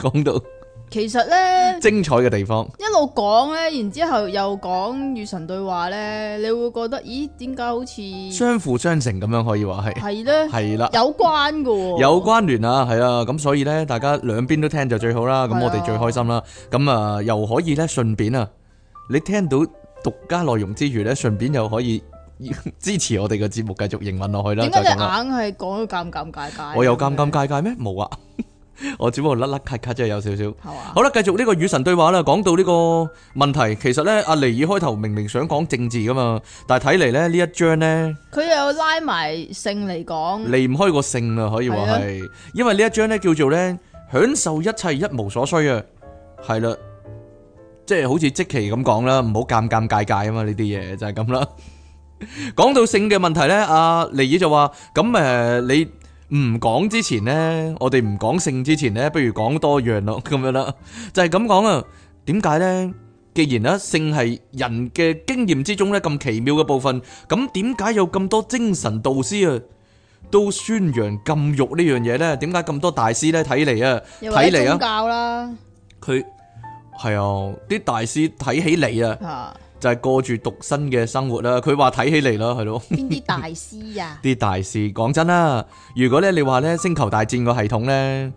S2: 講 (laughs) 到。
S1: 其實呢，
S2: 精彩嘅地方
S1: 一路講呢，然之後又講與神對話呢，你會覺得咦？點解好似
S2: 相輔相成咁樣可以話係係咧，係啦，有
S1: 關噶，有
S2: 關聯啊，係啊，咁所以呢，大家兩邊都聽就最好啦。咁我哋最開心啦。咁啊，又可以呢，順便啊，你聽到獨家內容之餘呢，順便又可以支持我哋嘅節目繼續營運落去啦。點解你
S1: 硬係講得尷尷尬尬，我有
S2: 尷尷尬尬咩？冇啊。我只不過甩甩咳咳，即係有少少。好啦，繼續呢個與神對話啦，講到呢個問題，其實咧阿尼爾開頭明明想講政治噶嘛，但係睇嚟咧呢一章咧，
S1: 佢又拉埋性嚟講，
S2: 離唔開個性啦，可以話係，因為呢一章咧叫做咧享受一切一無所需啊，係啦，即係好似即其咁講啦，唔好尷尷尬尬啊嘛，呢啲嘢就係咁啦。講到性嘅問題咧，阿尼爾就話咁誒你。唔講之前呢，我哋唔講性之前呢，不如講多樣咯，咁樣啦，就係咁講啊。點解呢？既然呢性係人嘅經驗之中呢咁奇妙嘅部分，咁點解有咁多精神導師啊，都宣揚禁欲呢樣嘢呢？點解咁多大師呢睇嚟啊？睇嚟啊！教啦，佢係啊，啲大師睇起嚟啊。就係過住獨身嘅生活啦，佢話睇起嚟咯，係咯。邊啲大師啊？啲 (laughs) 大師，講真啦，如果咧你話咧星球大戰個系統咧，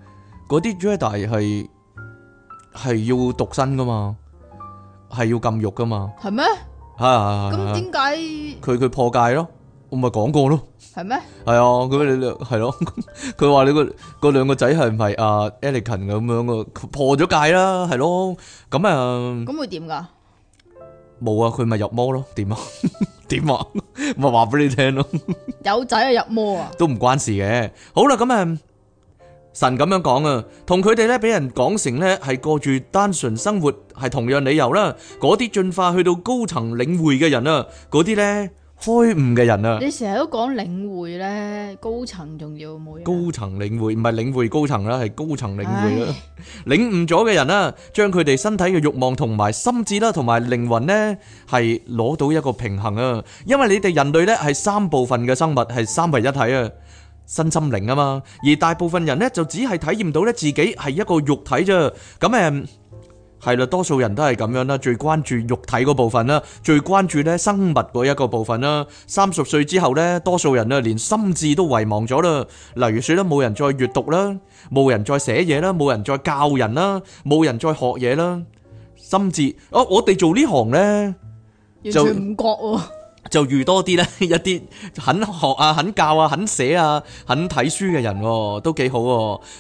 S2: 嗰啲 Jedi 係係要獨身噶嘛，係要禁欲噶嘛？係咩？啊！咁點解？佢佢破戒咯，我咪講過咯。係咩？係啊，咁你係咯，佢話你個嗰兩個仔係唔係阿 Elican 咁樣嘅？破咗戒啦，係咯，咁啊？咁會點噶？冇啊，佢咪入魔咯？點啊？點啊？咪話俾你聽咯。
S1: 有仔啊，入魔啊，
S2: 都唔關事嘅。好啦，咁啊，神咁樣講啊，同佢哋咧俾人講成咧係過住單純生活，係同樣理由啦。嗰啲進化去到高層領會嘅人啊，嗰啲咧。開悟嘅人啊，你成
S1: 日都講領會咧，高層仲要
S2: 冇？高層領會唔係領會高層啦，係高層領會啊。領悟咗嘅人啊，將佢哋身體嘅欲望同埋心智啦，同埋靈魂咧係攞到一個平衡啊！因為你哋人類咧係三部分嘅生物，係三位一體啊，身心靈啊嘛。而大部分人咧就只係體驗到咧自己係一個肉體啫，咁誒。係啦，多數人都係咁樣啦，最關注肉體嗰部分啦，最關注咧生物嗰一個部分啦。三十歲之後咧，多數人咧連心智都遺忘咗啦。例如說咧，冇人再閱讀啦，冇人再寫嘢啦，冇人再教人啦，冇人再學嘢啦。心智哦，我哋做呢行咧
S1: 就唔覺。
S2: 就遇多啲咧，一啲肯學啊、肯教啊、肯寫啊、肯睇書嘅人，都幾好。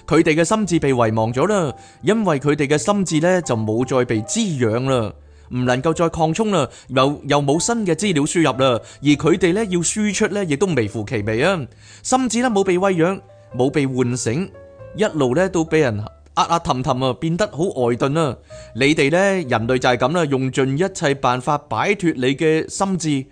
S2: 佢哋嘅心智被遺忘咗啦，因為佢哋嘅心智咧就冇再被滋養啦，唔能夠再擴充啦，又又冇新嘅資料輸入啦，而佢哋咧要輸出咧，亦都微乎其微啊。心智咧冇被餵養，冇被喚醒，一路咧都俾人壓壓氹氹啊，變得好呆鈍啦。你哋咧人類就係咁啦，用盡一切辦法擺脫你嘅心智，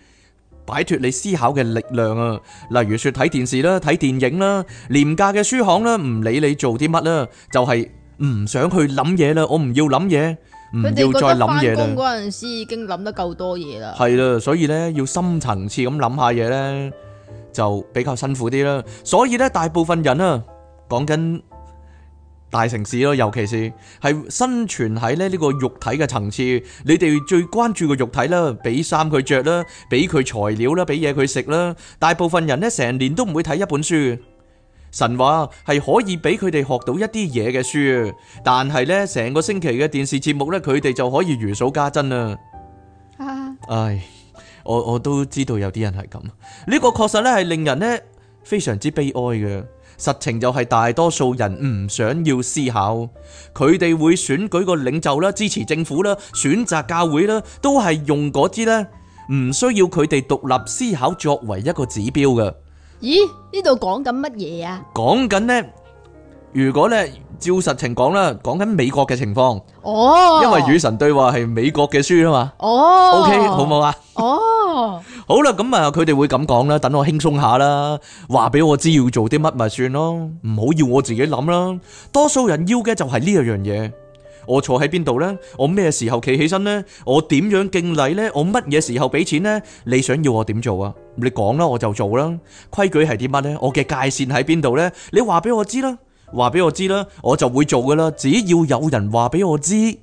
S2: 擺脫你思考嘅力量啊！例如說睇電視啦、睇電影啦、廉價嘅書行啦，唔理你做啲乜啦，就係唔想去諗嘢啦。我唔要諗嘢，唔要再諗嘢啦。佢哋覺得
S1: 返工嗰陣時已經諗得夠多嘢啦。係
S2: 啦，所以咧要深層次咁諗下嘢咧，就比較辛苦啲啦。所以咧，大部分人啊，講緊。大城市咯，尤其是係生存喺呢呢個肉體嘅層次，你哋最關注個肉體啦，俾衫佢着啦，俾佢材料啦，俾嘢佢食啦。大部分人呢，成年都唔會睇一本書。神話係可以俾佢哋學到一啲嘢嘅書，但係呢，成個星期嘅電視節目呢，佢哋就可以如數家珍啦。啊、唉，我我都知道有啲人係咁，呢個確實呢係令人呢非常之悲哀嘅。實情就係大多數人唔想要思考，佢哋會選舉個領袖啦，支持政府啦，選擇教會啦，都係用嗰啲咧唔需要佢哋獨立思考作為一個指標嘅。
S1: 咦？呢度講緊乜嘢啊？
S2: 講緊呢，如果呢照實情講啦，講緊美國嘅情況。
S1: 哦，因為與
S2: 神對話係美國嘅書啊嘛。
S1: 哦，OK，好唔好啊？哦。
S2: 好啦，咁啊，佢哋會咁講啦，等我輕鬆下啦，話俾我知要做啲乜咪算咯，唔好要，要我自己諗啦。多數人要嘅就係呢樣嘢。我坐喺邊度呢？我咩時候企起身呢？我點樣敬禮呢？我乜嘢時候俾錢呢？你想要我點做啊？你講啦，我就做啦。規矩係啲乜呢？我嘅界線喺邊度呢？你話俾我知啦，話俾我知啦，我就會做噶啦。只要有人話俾我知，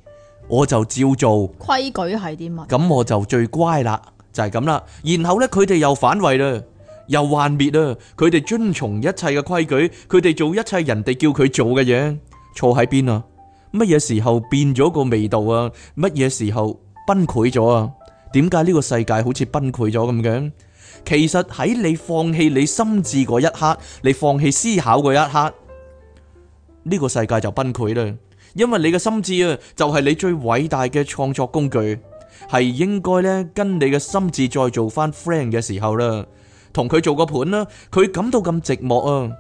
S2: 我就照做。
S1: 規矩係啲乜？
S2: 咁我就最乖啦。就係咁啦，然後呢，佢哋又反胃啦，又幻滅啦，佢哋遵從一切嘅規矩，佢哋做一切人哋叫佢做嘅嘢，錯喺邊啊？乜嘢時候變咗個味道啊？乜嘢時候崩潰咗啊？點解呢個世界好似崩潰咗咁嘅？其實喺你放棄你心智嗰一刻，你放棄思考嗰一刻，呢個世界就崩潰啦，因為你嘅心智啊，就係你最偉大嘅創作工具。係應該呢，跟你嘅心智再做翻 friend 嘅時候啦，同佢做個伴啦，佢感到咁寂寞啊，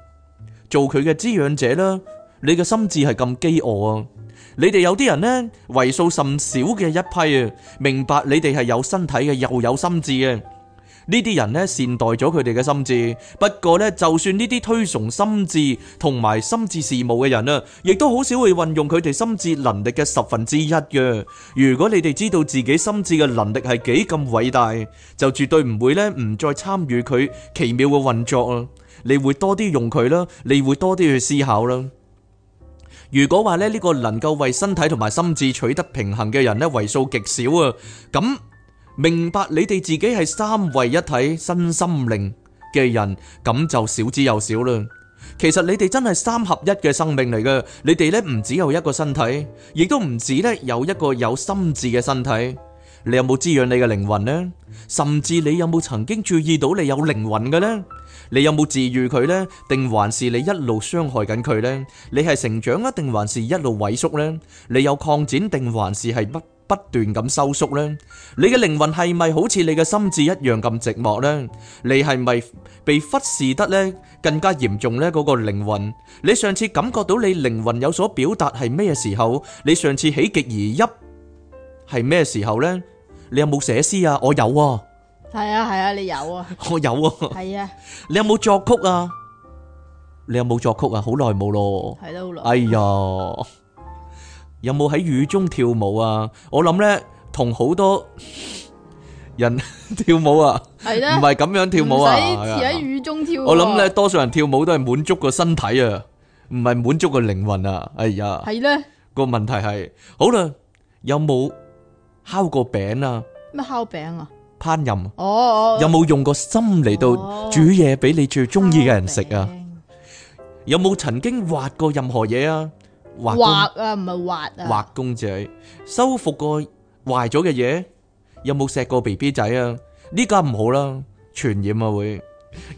S2: 做佢嘅滋養者啦，你嘅心智係咁飢餓啊，你哋有啲人呢，為數甚少嘅一批啊，明白你哋係有身體嘅，又有心智嘅。呢啲人呢，善待咗佢哋嘅心智，不過呢，就算呢啲推崇心智同埋心智事務嘅人啊，亦都好少會運用佢哋心智能力嘅十分之一嘅。如果你哋知道自己心智嘅能力係幾咁偉大，就絕對唔會呢，唔再參與佢奇妙嘅運作啦。你會多啲用佢啦，你會多啲去思考啦。如果話呢，呢個能夠為身體同埋心智取得平衡嘅人呢，為數極少啊，咁。明白你哋自己係三位一體身心靈嘅人，咁就少之又少啦。其實你哋真係三合一嘅生命嚟嘅，你哋呢唔止有一個身體，亦都唔止呢有一個有心智嘅身體。你有冇滋養你嘅靈魂呢？甚至你有冇曾經注意到你有靈魂嘅呢？你有冇治愈佢呢？定還是你一路傷害緊佢呢？你係成長啊？定還是一路萎縮呢？你有擴展定還是係不？不斷咁收縮呢，你嘅靈魂係咪好似你嘅心智一樣咁寂寞呢？你係咪被忽視得呢更加嚴重呢？嗰個靈魂，你上次感覺到你靈魂有所表達係咩時候？你上次喜極而泣係咩時候呢？你有冇寫詩啊？我有啊，
S1: 係啊係啊，你有啊，
S2: 我有啊，
S1: 係
S2: 啊，你有冇作曲啊？你有冇作曲啊？好耐冇咯，係咯，好耐。哎呀！有冇喺雨中跳舞啊？我諗咧，同好多人跳舞啊，唔係咁樣跳舞啊，而喺
S1: 雨中跳舞。我諗咧，
S2: 多數人跳舞都係滿足個身體啊，唔係滿足個靈魂啊。哎呀，係咧個問題係好啦。有冇烤個餅啊？
S1: 咩烤餅啊？烹飪哦，有
S2: 冇用個心嚟到煮嘢俾你最中意嘅人食啊？有冇曾經畫過任何嘢啊？畫啊，唔
S1: 係畫啊！畫
S2: 公仔，修復過壞咗嘅嘢，有冇錫過 BB 仔啊？呢家唔好啦，傳染啊會！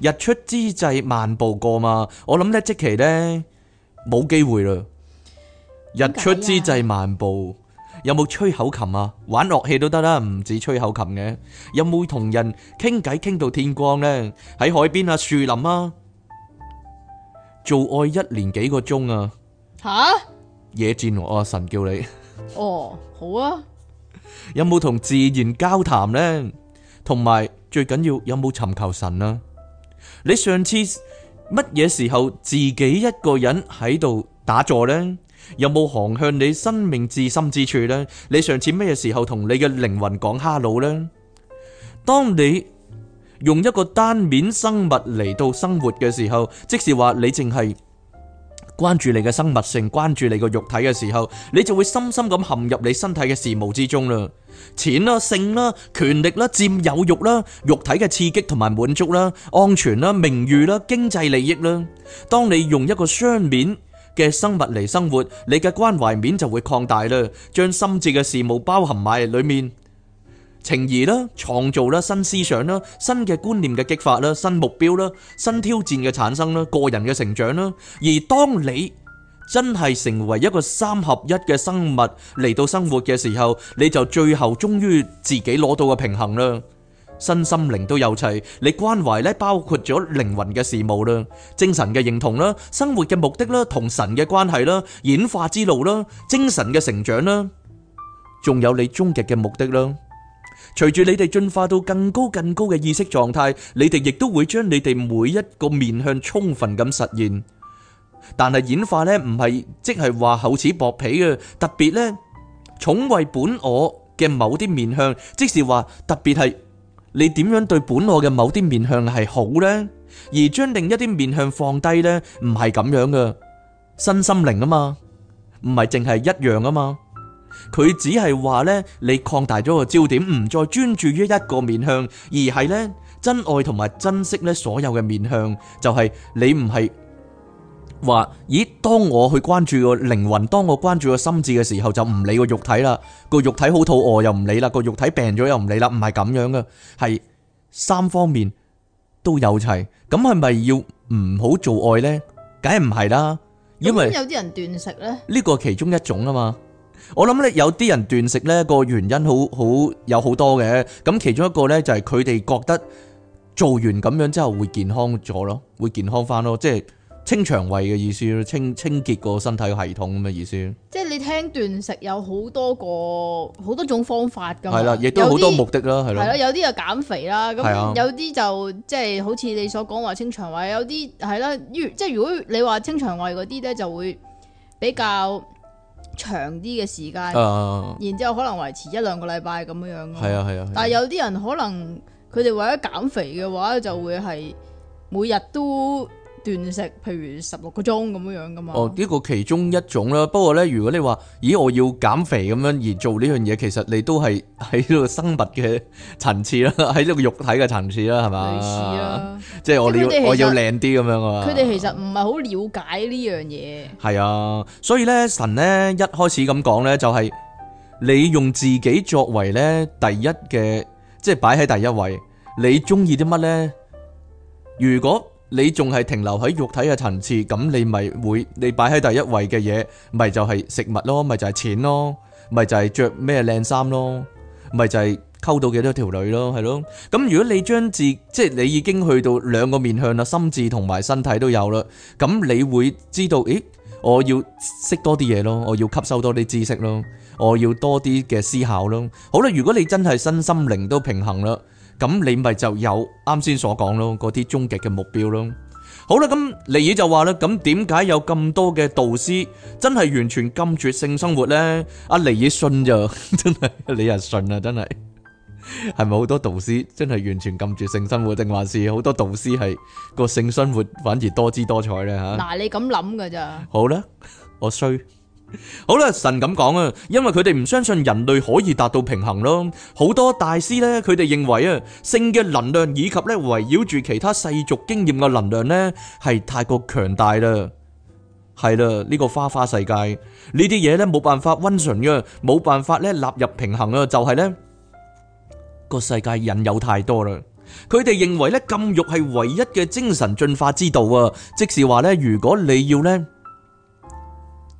S2: 日出之際漫步過嘛，我諗咧即期咧冇機會啦。日出之際漫步，有冇吹口琴啊？玩樂器都得啦，唔止吹口琴嘅。有冇同人傾偈傾到天光咧？喺海邊啊，樹林啊，做愛一年幾個鐘啊！
S1: 吓！
S2: 哈野戰我、哦、神叫你
S1: (laughs) 哦，好啊！
S2: 有冇同自然交談呢？同埋最緊要有冇尋求神啊？你上次乜嘢時候自己一個人喺度打坐呢？有冇航向你生命至深之處呢？你上次咩嘢時候同你嘅靈魂講哈囉呢？當你用一個單面生物嚟到生活嘅時候，即是話你淨係。關注你嘅生物性，關注你個肉體嘅時候，你就會深深咁陷入你身體嘅事務之中啦。錢啦、啊、性啦、啊、權力啦、啊、佔有欲啦、啊、肉體嘅刺激同埋滿足啦、啊、安全啦、啊、名譽啦、啊、經濟利益啦、啊。當你用一個雙面嘅生物嚟生活，你嘅關懷面就會擴大啦，將心智嘅事務包含埋裏面。情誼啦，創造啦，新思想啦，新嘅觀念嘅激發啦，新目標啦，新挑戰嘅產生啦，個人嘅成長啦。而當你真係成為一個三合一嘅生物嚟到生活嘅時候，你就最後終於自己攞到個平衡啦。身心靈都有齊，你關懷咧包括咗靈魂嘅事務啦，精神嘅認同啦，生活嘅目的啦，同神嘅關係啦，演化之路啦，精神嘅成長啦，仲有你終極嘅目的啦。隨住你哋進化到更高更高嘅意識狀態，你哋亦都會將你哋每一個面向充分咁實現。但係演化呢，唔係即係話厚此薄彼嘅，特別呢，寵為本我嘅某啲面向，即是話特別係你點樣對本我嘅某啲面向係好呢？而將另一啲面向放低呢，唔係咁樣噶，身心靈啊嘛，唔係淨係一樣啊嘛。佢只係話呢，你擴大咗個焦點，唔再專注於一個面向，而係呢真愛同埋珍惜呢所有嘅面向。就係你唔係話，咦？當我去關注個靈魂，當我關注個心智嘅時候，就唔理個肉體啦。個肉體好肚餓又唔理啦，個肉體病咗又唔理啦，唔係咁樣嘅，係三方面都有齊。咁係咪要唔好做愛呢？梗係唔係啦，因為有
S1: 啲人斷食呢，
S2: 呢個係其中一種啊嘛。我諗咧，有啲人斷食咧個原因好好，好有好多嘅，咁其中一個咧就係佢哋覺得做完咁樣之後會健康咗咯，會健康翻咯，即係清腸胃嘅意思，清清潔個身體系統咁嘅意思。
S1: 即係你聽斷食有好多個，好多種方法噶。係啦，亦都好多目
S2: 的啦，係咯些。係咯的，
S1: 有啲就減肥啦，咁的有啲就即係好似你所講話清腸胃，有啲係啦。即係如果你話清腸胃嗰啲咧，就會比較。長啲嘅時間，uh, 然之後可能維持一兩個禮拜咁樣樣。係啊係啊係啊、但係有啲人可能佢哋為咗減肥嘅話，就會係每日都。斷食，譬如十六個鐘咁樣
S2: 樣噶嘛？哦，呢、這個其中一種啦。不過咧，如果你話，咦，我要減肥咁樣而做呢樣嘢，其實你都係喺呢個生物嘅層次啦，喺呢個肉體嘅層次啦，係咪？類似啦、啊，即係我你要我要靚啲咁樣啊！佢哋
S1: 其實唔係好了解呢樣嘢。
S2: 係啊，所以咧，神咧一開始咁講咧，就係、是、你用自己作為咧第一嘅，即係擺喺第一位。你中意啲乜咧？如果你仲係停留喺肉體嘅層次，咁你咪會你擺喺第一位嘅嘢，咪就係食物咯，咪就係錢咯，咪就係着咩靚衫咯，咪就係溝到幾多條女咯，係咯。咁如果你將自即係你已經去到兩個面向啦，心智同埋身體都有啦，咁你會知道，誒，我要識多啲嘢咯，我要吸收多啲知識咯，我要多啲嘅思考咯。好啦，如果你真係身心靈都平衡啦。咁你咪就有啱先所講咯，嗰啲終極嘅目標咯。好啦，咁尼爾就話啦，咁點解有咁多嘅導師真係完全禁絕性生活咧？阿尼爾信咋，真係你又信啊，真係係咪好多導師真係完全禁住性生活，定還是好多導師係個性生活反而多姿多彩咧吓？嗱，
S1: 你咁諗噶咋？
S2: 好啦，我衰。好啦，神咁講啊，因為佢哋唔相信人類可以達到平衡咯。好多大師咧，佢哋認為啊，性嘅能量以及咧圍繞住其他世俗經驗嘅能量咧，係太過強大啦。係啦，呢個花花世界呢啲嘢咧冇辦法溫順噶，冇辦法咧納入平衡啊，就係呢個世界引誘太多啦。佢哋認為咧禁欲係唯一嘅精神進化之道啊，即是話咧如果你要咧。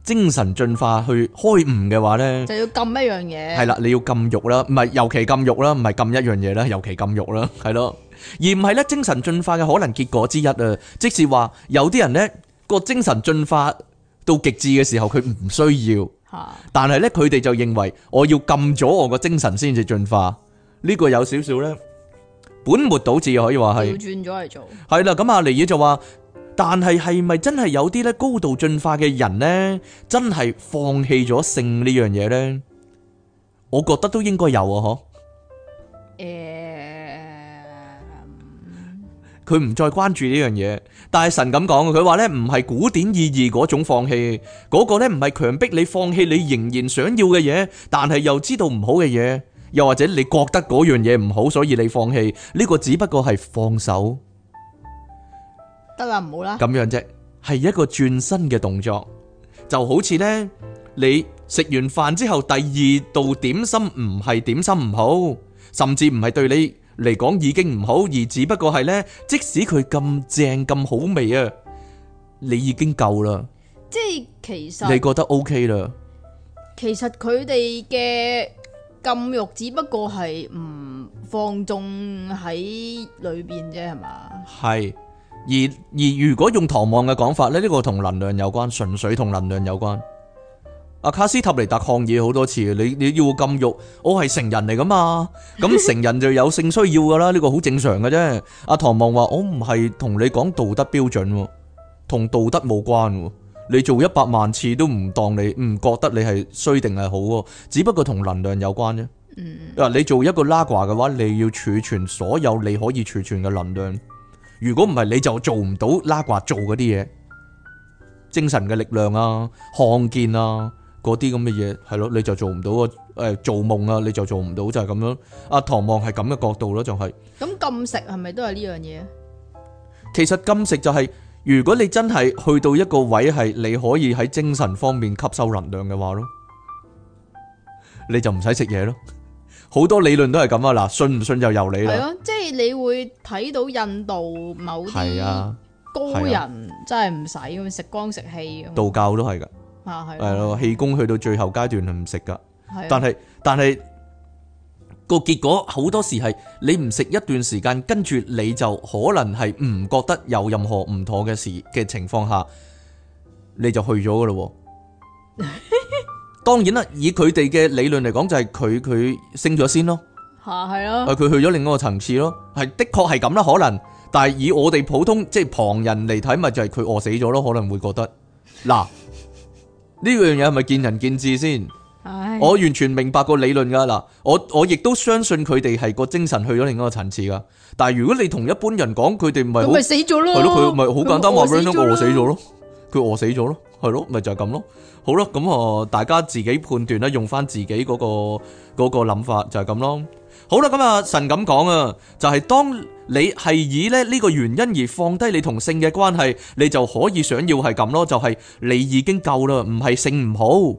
S2: 精神進化去開悟嘅話咧，就
S1: 要禁一樣嘢。係啦，
S2: 你要禁慾啦，唔係尤其禁慾啦，唔係禁一樣嘢啦，尤其禁慾啦，係咯。而唔係咧，精神進化嘅可能結果之一啊，即是話有啲人咧個精神進化到極致嘅時候，佢唔需要，但係咧佢哋就認為我要禁咗我個精神先至進化，呢個有少少咧本末倒置，可以話係。
S1: 轉咗嚟做。
S2: 係啦，咁阿尼爾就話。但係係咪真係有啲咧高度進化嘅人咧，真係放棄咗性呢樣嘢咧？我覺得都應該有啊！嗬，誒，佢唔再關注呢樣嘢，但係神咁講嘅，佢話咧唔係古典意義嗰種放棄，嗰個咧唔係強迫你放棄，你仍然想要嘅嘢，但係又知道唔好嘅嘢，又或者你覺得嗰樣嘢唔好，所以你放棄呢個，只不過係放手。
S1: 得啦，唔好啦。
S2: 咁樣啫，係一個轉身嘅動作，就好似咧，你食完飯之後，第二道點心唔係點心唔好，甚至唔係對你嚟講已經唔好，而只不過係咧，即使佢咁正咁好味啊，你已經夠啦。
S1: 即係其實你覺
S2: 得 OK 啦。
S1: 其實佢哋嘅禁欲只不過係唔放縱喺裏邊啫，係嘛？
S2: 係。而而如果用唐望嘅講法咧，呢個同能量有關，純粹同能量有關。阿卡斯塔尼達抗議好多次，你你要我禁欲，我係成人嚟噶嘛？咁成人就有性需要噶啦，呢個好正常嘅啫。阿唐望話我唔係同你講道德標準，同道德冇關。你做一百萬次都唔當你唔覺得你係衰定係好，只不過同能量有關啫。嗱，你做一個拉掛嘅話，你要儲存所有你可以儲存嘅能量。如果唔係，你就做唔到拉掛做嗰啲嘢，精神嘅力量啊，看見啊，嗰啲咁嘅嘢係咯，你就做唔到啊！誒，做夢啊，你就做唔到，就係咁樣。阿唐望係咁嘅角度咯，就係。
S1: 咁禁食係咪都係呢樣嘢？
S2: 其實禁食就係，如果你真係去到一個位係，你可以喺精神方面吸收能量嘅話咯，你就唔使食嘢咯。好多理論都係咁啊！嗱，信唔信就由你啦、啊。
S1: 即係你會睇到印度某啲高人真係唔使咁食光食氣。
S2: 道教都係噶，係咯、啊，氣功去到最後階段係唔食噶，但係但係個結果好多時係你唔食一段時間，跟住你就可能係唔覺得有任何唔妥嘅事嘅情況下，你就去咗噶啦喎。 (laughs) 當然啦，以佢哋嘅理論嚟講，就係佢佢升咗先咯，
S1: 係咯，佢、啊
S2: 啊、去咗另一個層次咯，係的確係咁啦可能，但係以我哋普通即係旁人嚟睇，咪就係佢餓死咗咯，可能會覺得嗱，呢樣嘢係咪見仁見智先？哎、我完全明白個理論噶嗱，我我亦都相信佢哋係個精神去咗另一個層次噶，但係如果你同一般人講佢哋唔係，佢咪死咗咯？係咯，佢咪好簡單話俾你聽餓死咗咯。呃佢餓死咗咯，係咯，咪就係咁咯，好咯，咁啊，大家自己判斷啦，用翻自己嗰個嗰個諗法就係咁咯。好啦，咁啊，神咁講啊，就係當你係以咧呢個原因而放低你同性嘅關係，你就可以想要係咁咯，就係你已經夠啦，唔係性唔好，唔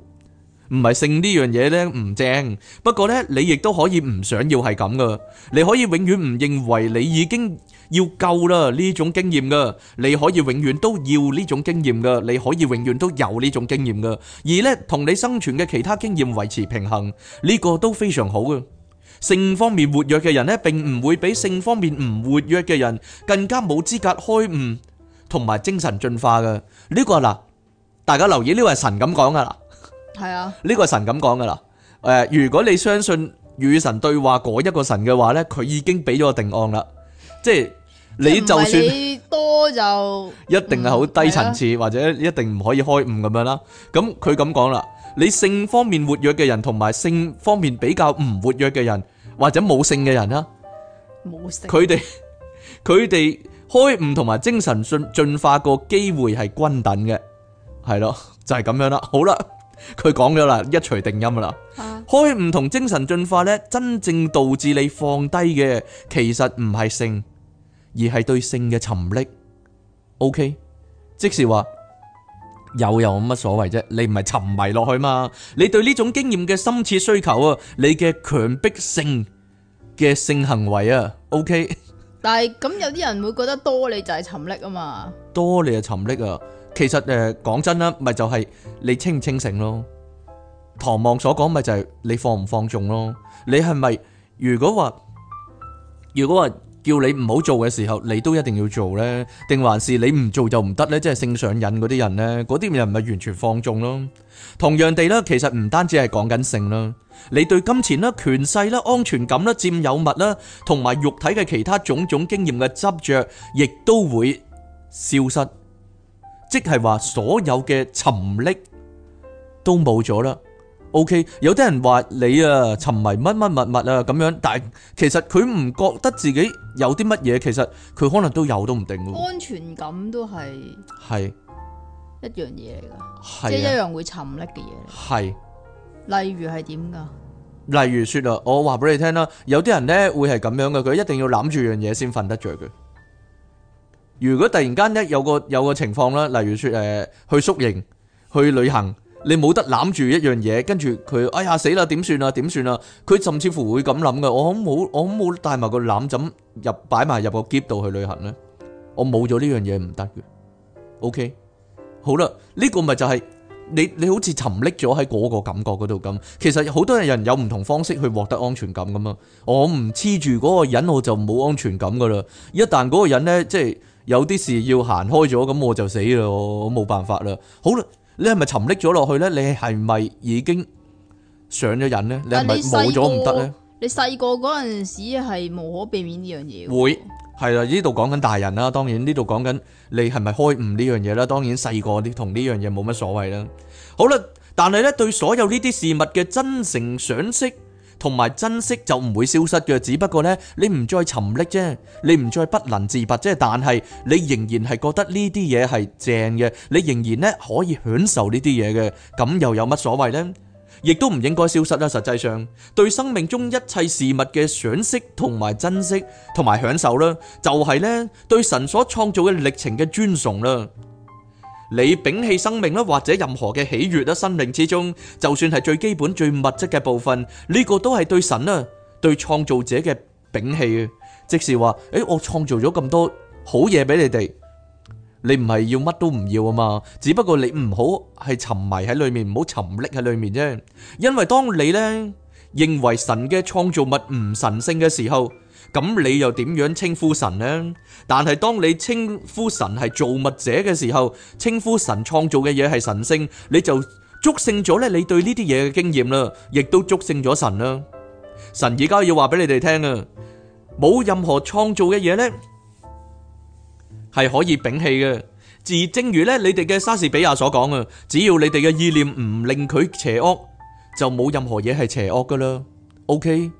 S2: 係性呢樣嘢咧唔正。不過咧，你亦都可以唔想要係咁噶，你可以永遠唔認為你已經。要夠啦，呢種經驗噶，你可以永遠都要呢種經驗噶，你可以永遠都有呢種經驗噶。而呢同你生存嘅其他經驗維持平衡呢個都非常好啊。性方面活躍嘅人呢，並唔會比性方面唔活躍嘅人更加冇資格開悟同埋精神進化噶。呢個嗱，大家留意呢個係神咁講噶啦，係啊，呢個係神咁講噶啦。誒，如果你相信與神對話嗰一個神嘅話呢，佢已經俾咗個定案啦，即係。你就算
S1: 多就一定係好低層次，
S2: 或者一定唔可以開悟咁樣啦。咁佢咁講啦，你性方面活躍嘅人，同埋性方面比較唔活躍嘅人，或者冇性嘅人啦，冇性佢哋佢哋開悟同埋精神進進化個機會係均等嘅，係咯，就係咁樣啦。好啦，佢講咗啦，一錘定音噶啦，開悟同精神進化咧，真正導致你放低嘅，其實唔係性。而係對性嘅沉溺，OK，即是話有又冇乜所謂啫？你唔係沉迷落去嘛？你對呢種經驗嘅深切需求啊，你嘅強迫性嘅性行為啊，OK。
S1: 但係咁有啲人會覺得多你就係沉溺啊嘛？
S2: 多你就沉溺啊？其實誒，講真啦，咪就係你清唔清醒咯？唐望所講咪就係你放唔放縱咯？你係咪如果話如果話？叫你唔好做嘅時候，你都一定要做呢？定還是你唔做就唔得呢？即係性上癮嗰啲人呢？嗰啲人咪完全放縱咯。同樣地啦，其實唔單止係講緊性啦，你對金錢啦、權勢啦、安全感啦、佔有物啦，同埋肉體嘅其他種種經驗嘅執着，亦都會消失。即係話所有嘅沉溺都冇咗啦。O K，有啲人話你啊沉迷乜乜物物啊咁樣，但係其實佢唔覺得自己有啲乜嘢，其實佢可能都有都唔定。安
S1: 全感都係係一樣嘢嚟噶，即係一樣會沉溺嘅嘢。係例如係點噶？
S2: 例如說啊，我話俾你聽啦，有啲人呢會係咁樣噶，佢一定要攬住樣嘢先瞓得着嘅。如果突然間一有個有個情況啦，例如說誒去宿營去旅行。你冇得攬住一樣嘢，跟住佢，哎呀死啦，點算啊？點算啊？佢甚至乎會咁諗嘅，我冇，我冇帶埋個攬枕入擺埋入個篋度去旅行咧，我冇咗呢樣嘢唔得嘅。OK，好啦，呢、這個咪就係、是、你你好似沉溺咗喺嗰個感覺嗰度咁。其實好多人有唔同方式去獲得安全感噶嘛。我唔黐住嗰個人我就冇安全感噶啦。一旦嗰個人咧即係有啲事要行開咗，咁我就死啦，我冇辦法啦。好啦。你係咪沉溺咗落去呢？你係咪已經上咗癮呢？你係咪冇咗唔得呢？啊、
S1: 你細個嗰陣時係無可避免呢樣嘢。
S2: 會係啦，呢度講緊大人啦。當然呢度講緊你係咪開悟呢樣嘢啦。當然細個啲同呢樣嘢冇乜所謂啦。好啦，但係呢對所有呢啲事物嘅真誠賞識，同埋珍惜就唔會消失嘅。只不過呢，你唔再沉溺啫，你唔再不能自拔啫，但係你仍然係覺得呢啲嘢係正嘅，你仍然呢可以享受呢啲嘢嘅，咁又有乜所謂呢？亦都唔應該消失啦。實際上，對生命中一切事物嘅賞識同埋珍惜同埋享受啦，就係呢對神所創造嘅歷程嘅尊崇啦。你摒棄生命啦，或者任何嘅喜悦啦，生命之中，就算係最基本最物質嘅部分，呢個都係對神啊，對創造者嘅摒棄啊。即是話，誒，我創造咗咁多好嘢俾你哋，你唔係要乜都唔要啊嘛？只不過你唔好係沉迷喺裏面，唔好沉溺喺裏面啫。因為當你呢，認為神嘅創造物唔神聖嘅時候，咁你又點樣稱呼神呢？但係當你稱呼神係造物者嘅時候，稱呼神創造嘅嘢係神聖，你就足聖咗咧。你對呢啲嘢嘅經驗啦，亦都足聖咗神啦。神而家要話俾你哋聽啊，冇任何創造嘅嘢呢係可以摒棄嘅。而正如咧，你哋嘅莎士比亞所講啊，只要你哋嘅意念唔令佢邪惡，就冇任何嘢係邪惡噶啦。OK，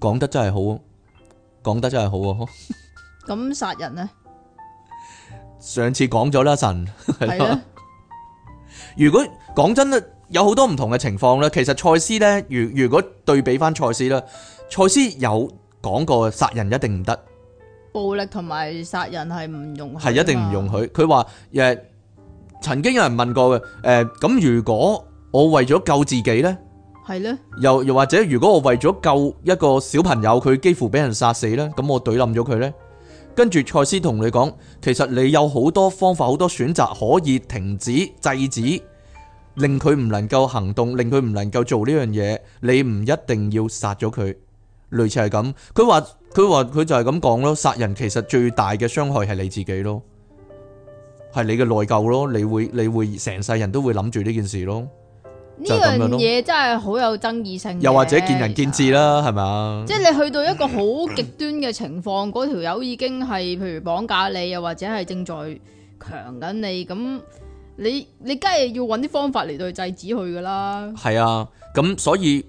S2: 講得真係好。講得真係好啊！
S1: 咁殺人咧，
S2: 上次講咗啦，神係咯。如果講真咧，有好多唔同嘅情況咧。其實賽斯咧，如如果對比翻賽斯啦，賽斯有講過殺人一定唔得，
S1: 暴力同埋殺人係唔容係一定
S2: 唔容許。佢話誒，曾經有人問過嘅，誒咁如果我為咗救自己咧？係又又或者，如果我為咗救一個小朋友，佢幾乎俾人殺死殺呢，咁我懟冧咗佢呢。跟住賽斯同你講，其實你有好多方法，好多選擇可以停止，制止，令佢唔能夠行動，令佢唔能夠做呢樣嘢，你唔一定要殺咗佢。類似係咁，佢話佢話佢就係咁講咯，殺人其實最大嘅傷害係你自己咯，係你嘅內疚咯，你會你會，你會成世人都會諗住呢件事咯。呢樣嘢
S1: 真係好有爭議性，又或者見仁
S2: 見智啦，係咪啊？吧即係你去
S1: 到一個好極端嘅情況，嗰條友已經係，譬如綁架你，又或者係正在強緊你，咁你你梗係要揾啲方法嚟，對制止佢噶啦。
S2: 係啊，咁所以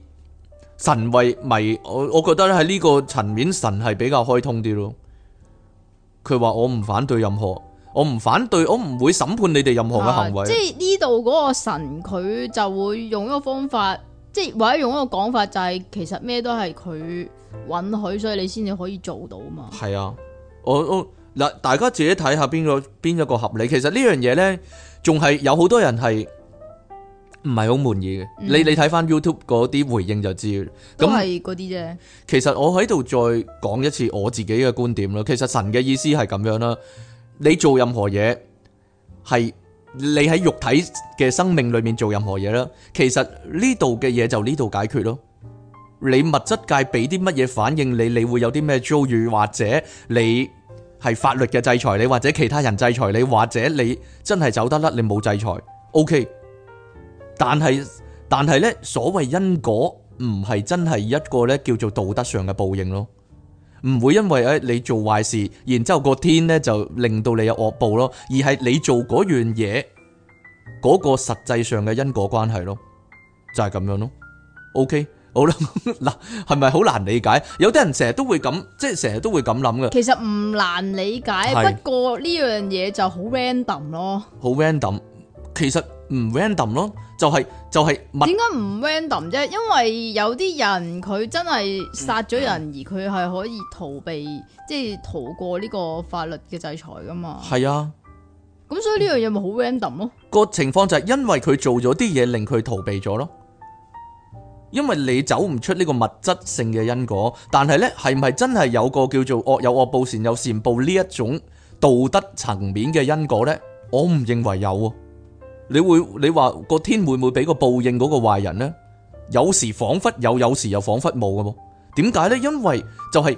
S2: 神為迷，我我覺得喺呢個層面，神係比較開通啲咯。佢話我唔反對任何。我唔反對，我唔會審判你哋任何嘅行為。啊、即係
S1: 呢度嗰個神佢就會用一個方法，即係或者用一個講法，就係，就係其實咩都係佢允許，所以你先至可以做到嘛。
S2: 係啊，我我嗱，大家自己睇下邊個邊一個合理。其實呢樣嘢呢，仲係有好多人係唔係好滿意嘅，嗯。你你睇翻 YouTube 嗰啲回應就知，咁係
S1: 嗰啲啫。
S2: 那其實我喺度再講一次我自己嘅觀點啦。其實神嘅意思係咁樣啦。你做任何嘢，係你喺肉體嘅生命裏面做任何嘢啦，其實呢度嘅嘢就呢度解決咯。你物質界俾啲乜嘢反應你，你會有啲咩遭遇，或者你係法律嘅制裁，你或者其他人制裁你，或者你真係走得甩，你冇制裁，OK。但係但係呢，所謂因果唔係真係一個呢叫做道德上嘅報應咯。唔會因為哎你做壞事，然之後個天咧就令到你有惡報咯，而係你做嗰樣嘢嗰個實際上嘅因果關係咯，就係咁樣咯。OK，好啦，嗱，係咪好難理解？有啲人成日都會咁，即係成日都會咁諗嘅。其
S1: 實唔難理解，不過呢樣嘢就好 random 咯。
S2: 好 random，其實。唔 random 咯，就係、是、就係點解
S1: 唔 random 啫？因為有啲人佢真係殺咗人，而佢係可以逃避，即係逃過呢個法律嘅制裁噶嘛。係啊，咁所以呢樣嘢咪好 random 咯？
S2: 個情況就係因為佢做咗啲嘢，令佢逃避咗咯。因為你走唔出呢個物質性嘅因果，但係呢，係唔係真係有個叫做惡有惡報，善有善報呢一種道德層面嘅因果呢？我唔認為有。你會你話個天會唔會俾個報應嗰個壞人呢？有時仿佛有，有時又仿佛冇嘅。點解呢？因為就係、是、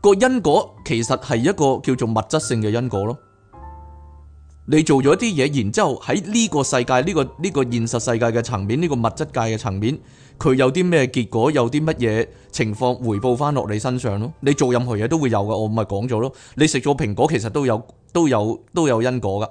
S2: 個因果其實係一個叫做物質性嘅因果咯。你做咗啲嘢，然之後喺呢個世界呢、這個呢、這個現實世界嘅層面，呢、這個物質界嘅層面，佢有啲咩結果，有啲乜嘢情況回報翻落你身上咯。你做任何嘢都會有嘅，我咪講咗咯。你食咗蘋果，其實都有都有都有，都有因果噶。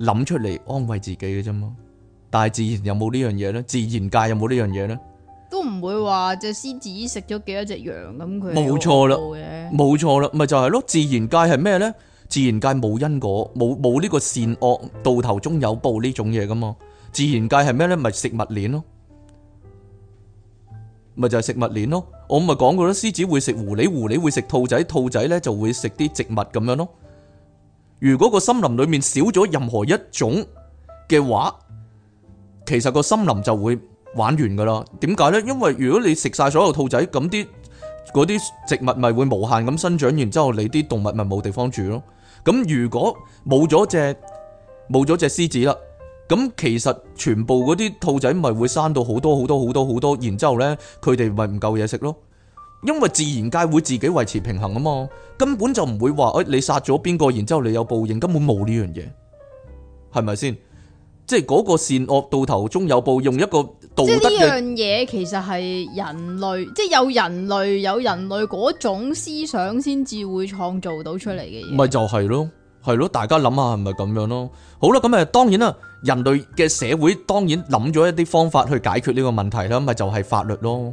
S2: 諗出嚟，安慰自己嘅啫嘛，大自然有冇呢樣嘢呢？自然界有冇呢樣嘢呢？
S1: 都唔會話隻獅子食咗幾多隻羊咁佢冇錯
S2: 啦，冇錯啦，咪就係咯。自然界係咩呢？自然界冇因果，冇冇呢個善惡，到頭終有報呢種嘢噶嘛。自然界係咩呢？咪食物鏈咯，咪就係食物鏈咯。我咪講過咯，獅子會食狐狸，狐狸會食兔仔，兔仔呢就會食啲植物咁樣咯。如果個森林裏面少咗任何一種嘅話，其實個森林就會玩完噶啦。點解呢？因為如果你食晒所有兔仔，咁啲嗰啲植物咪會無限咁生長，然之後你啲動物咪冇地方住咯。咁如果冇咗隻冇咗隻獅子啦，咁其實全部嗰啲兔仔咪會生到好多好多好多好多，然之後呢佢哋咪唔夠嘢食咯。因為自然界會自己維持平衡啊嘛，根本就唔會話誒、哎、你殺咗邊個，然之後你有報應，根本冇呢樣嘢，係咪先？即係嗰個善惡到頭終有報應，用一個道德嘅。即係呢樣
S1: 嘢其實係人類，即係有人類有人類嗰種思想先至會創造到出嚟嘅
S2: 嘢。咪就係咯，係咯，大家諗下係咪咁樣咯？好啦，咁誒，當然啦，人類嘅社會當然諗咗一啲方法去解決呢個問題啦，咪就係、是、法律咯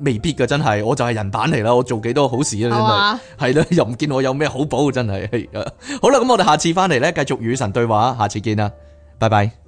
S2: 未必㗎，真係，我就係人辦嚟啦，我做幾多好事呀，真係，係啦、啊，又唔見我有咩好報，真係，係， (laughs) 好啦，咁我哋下次返嚟咧，繼續與神對話，下次見啊，拜拜。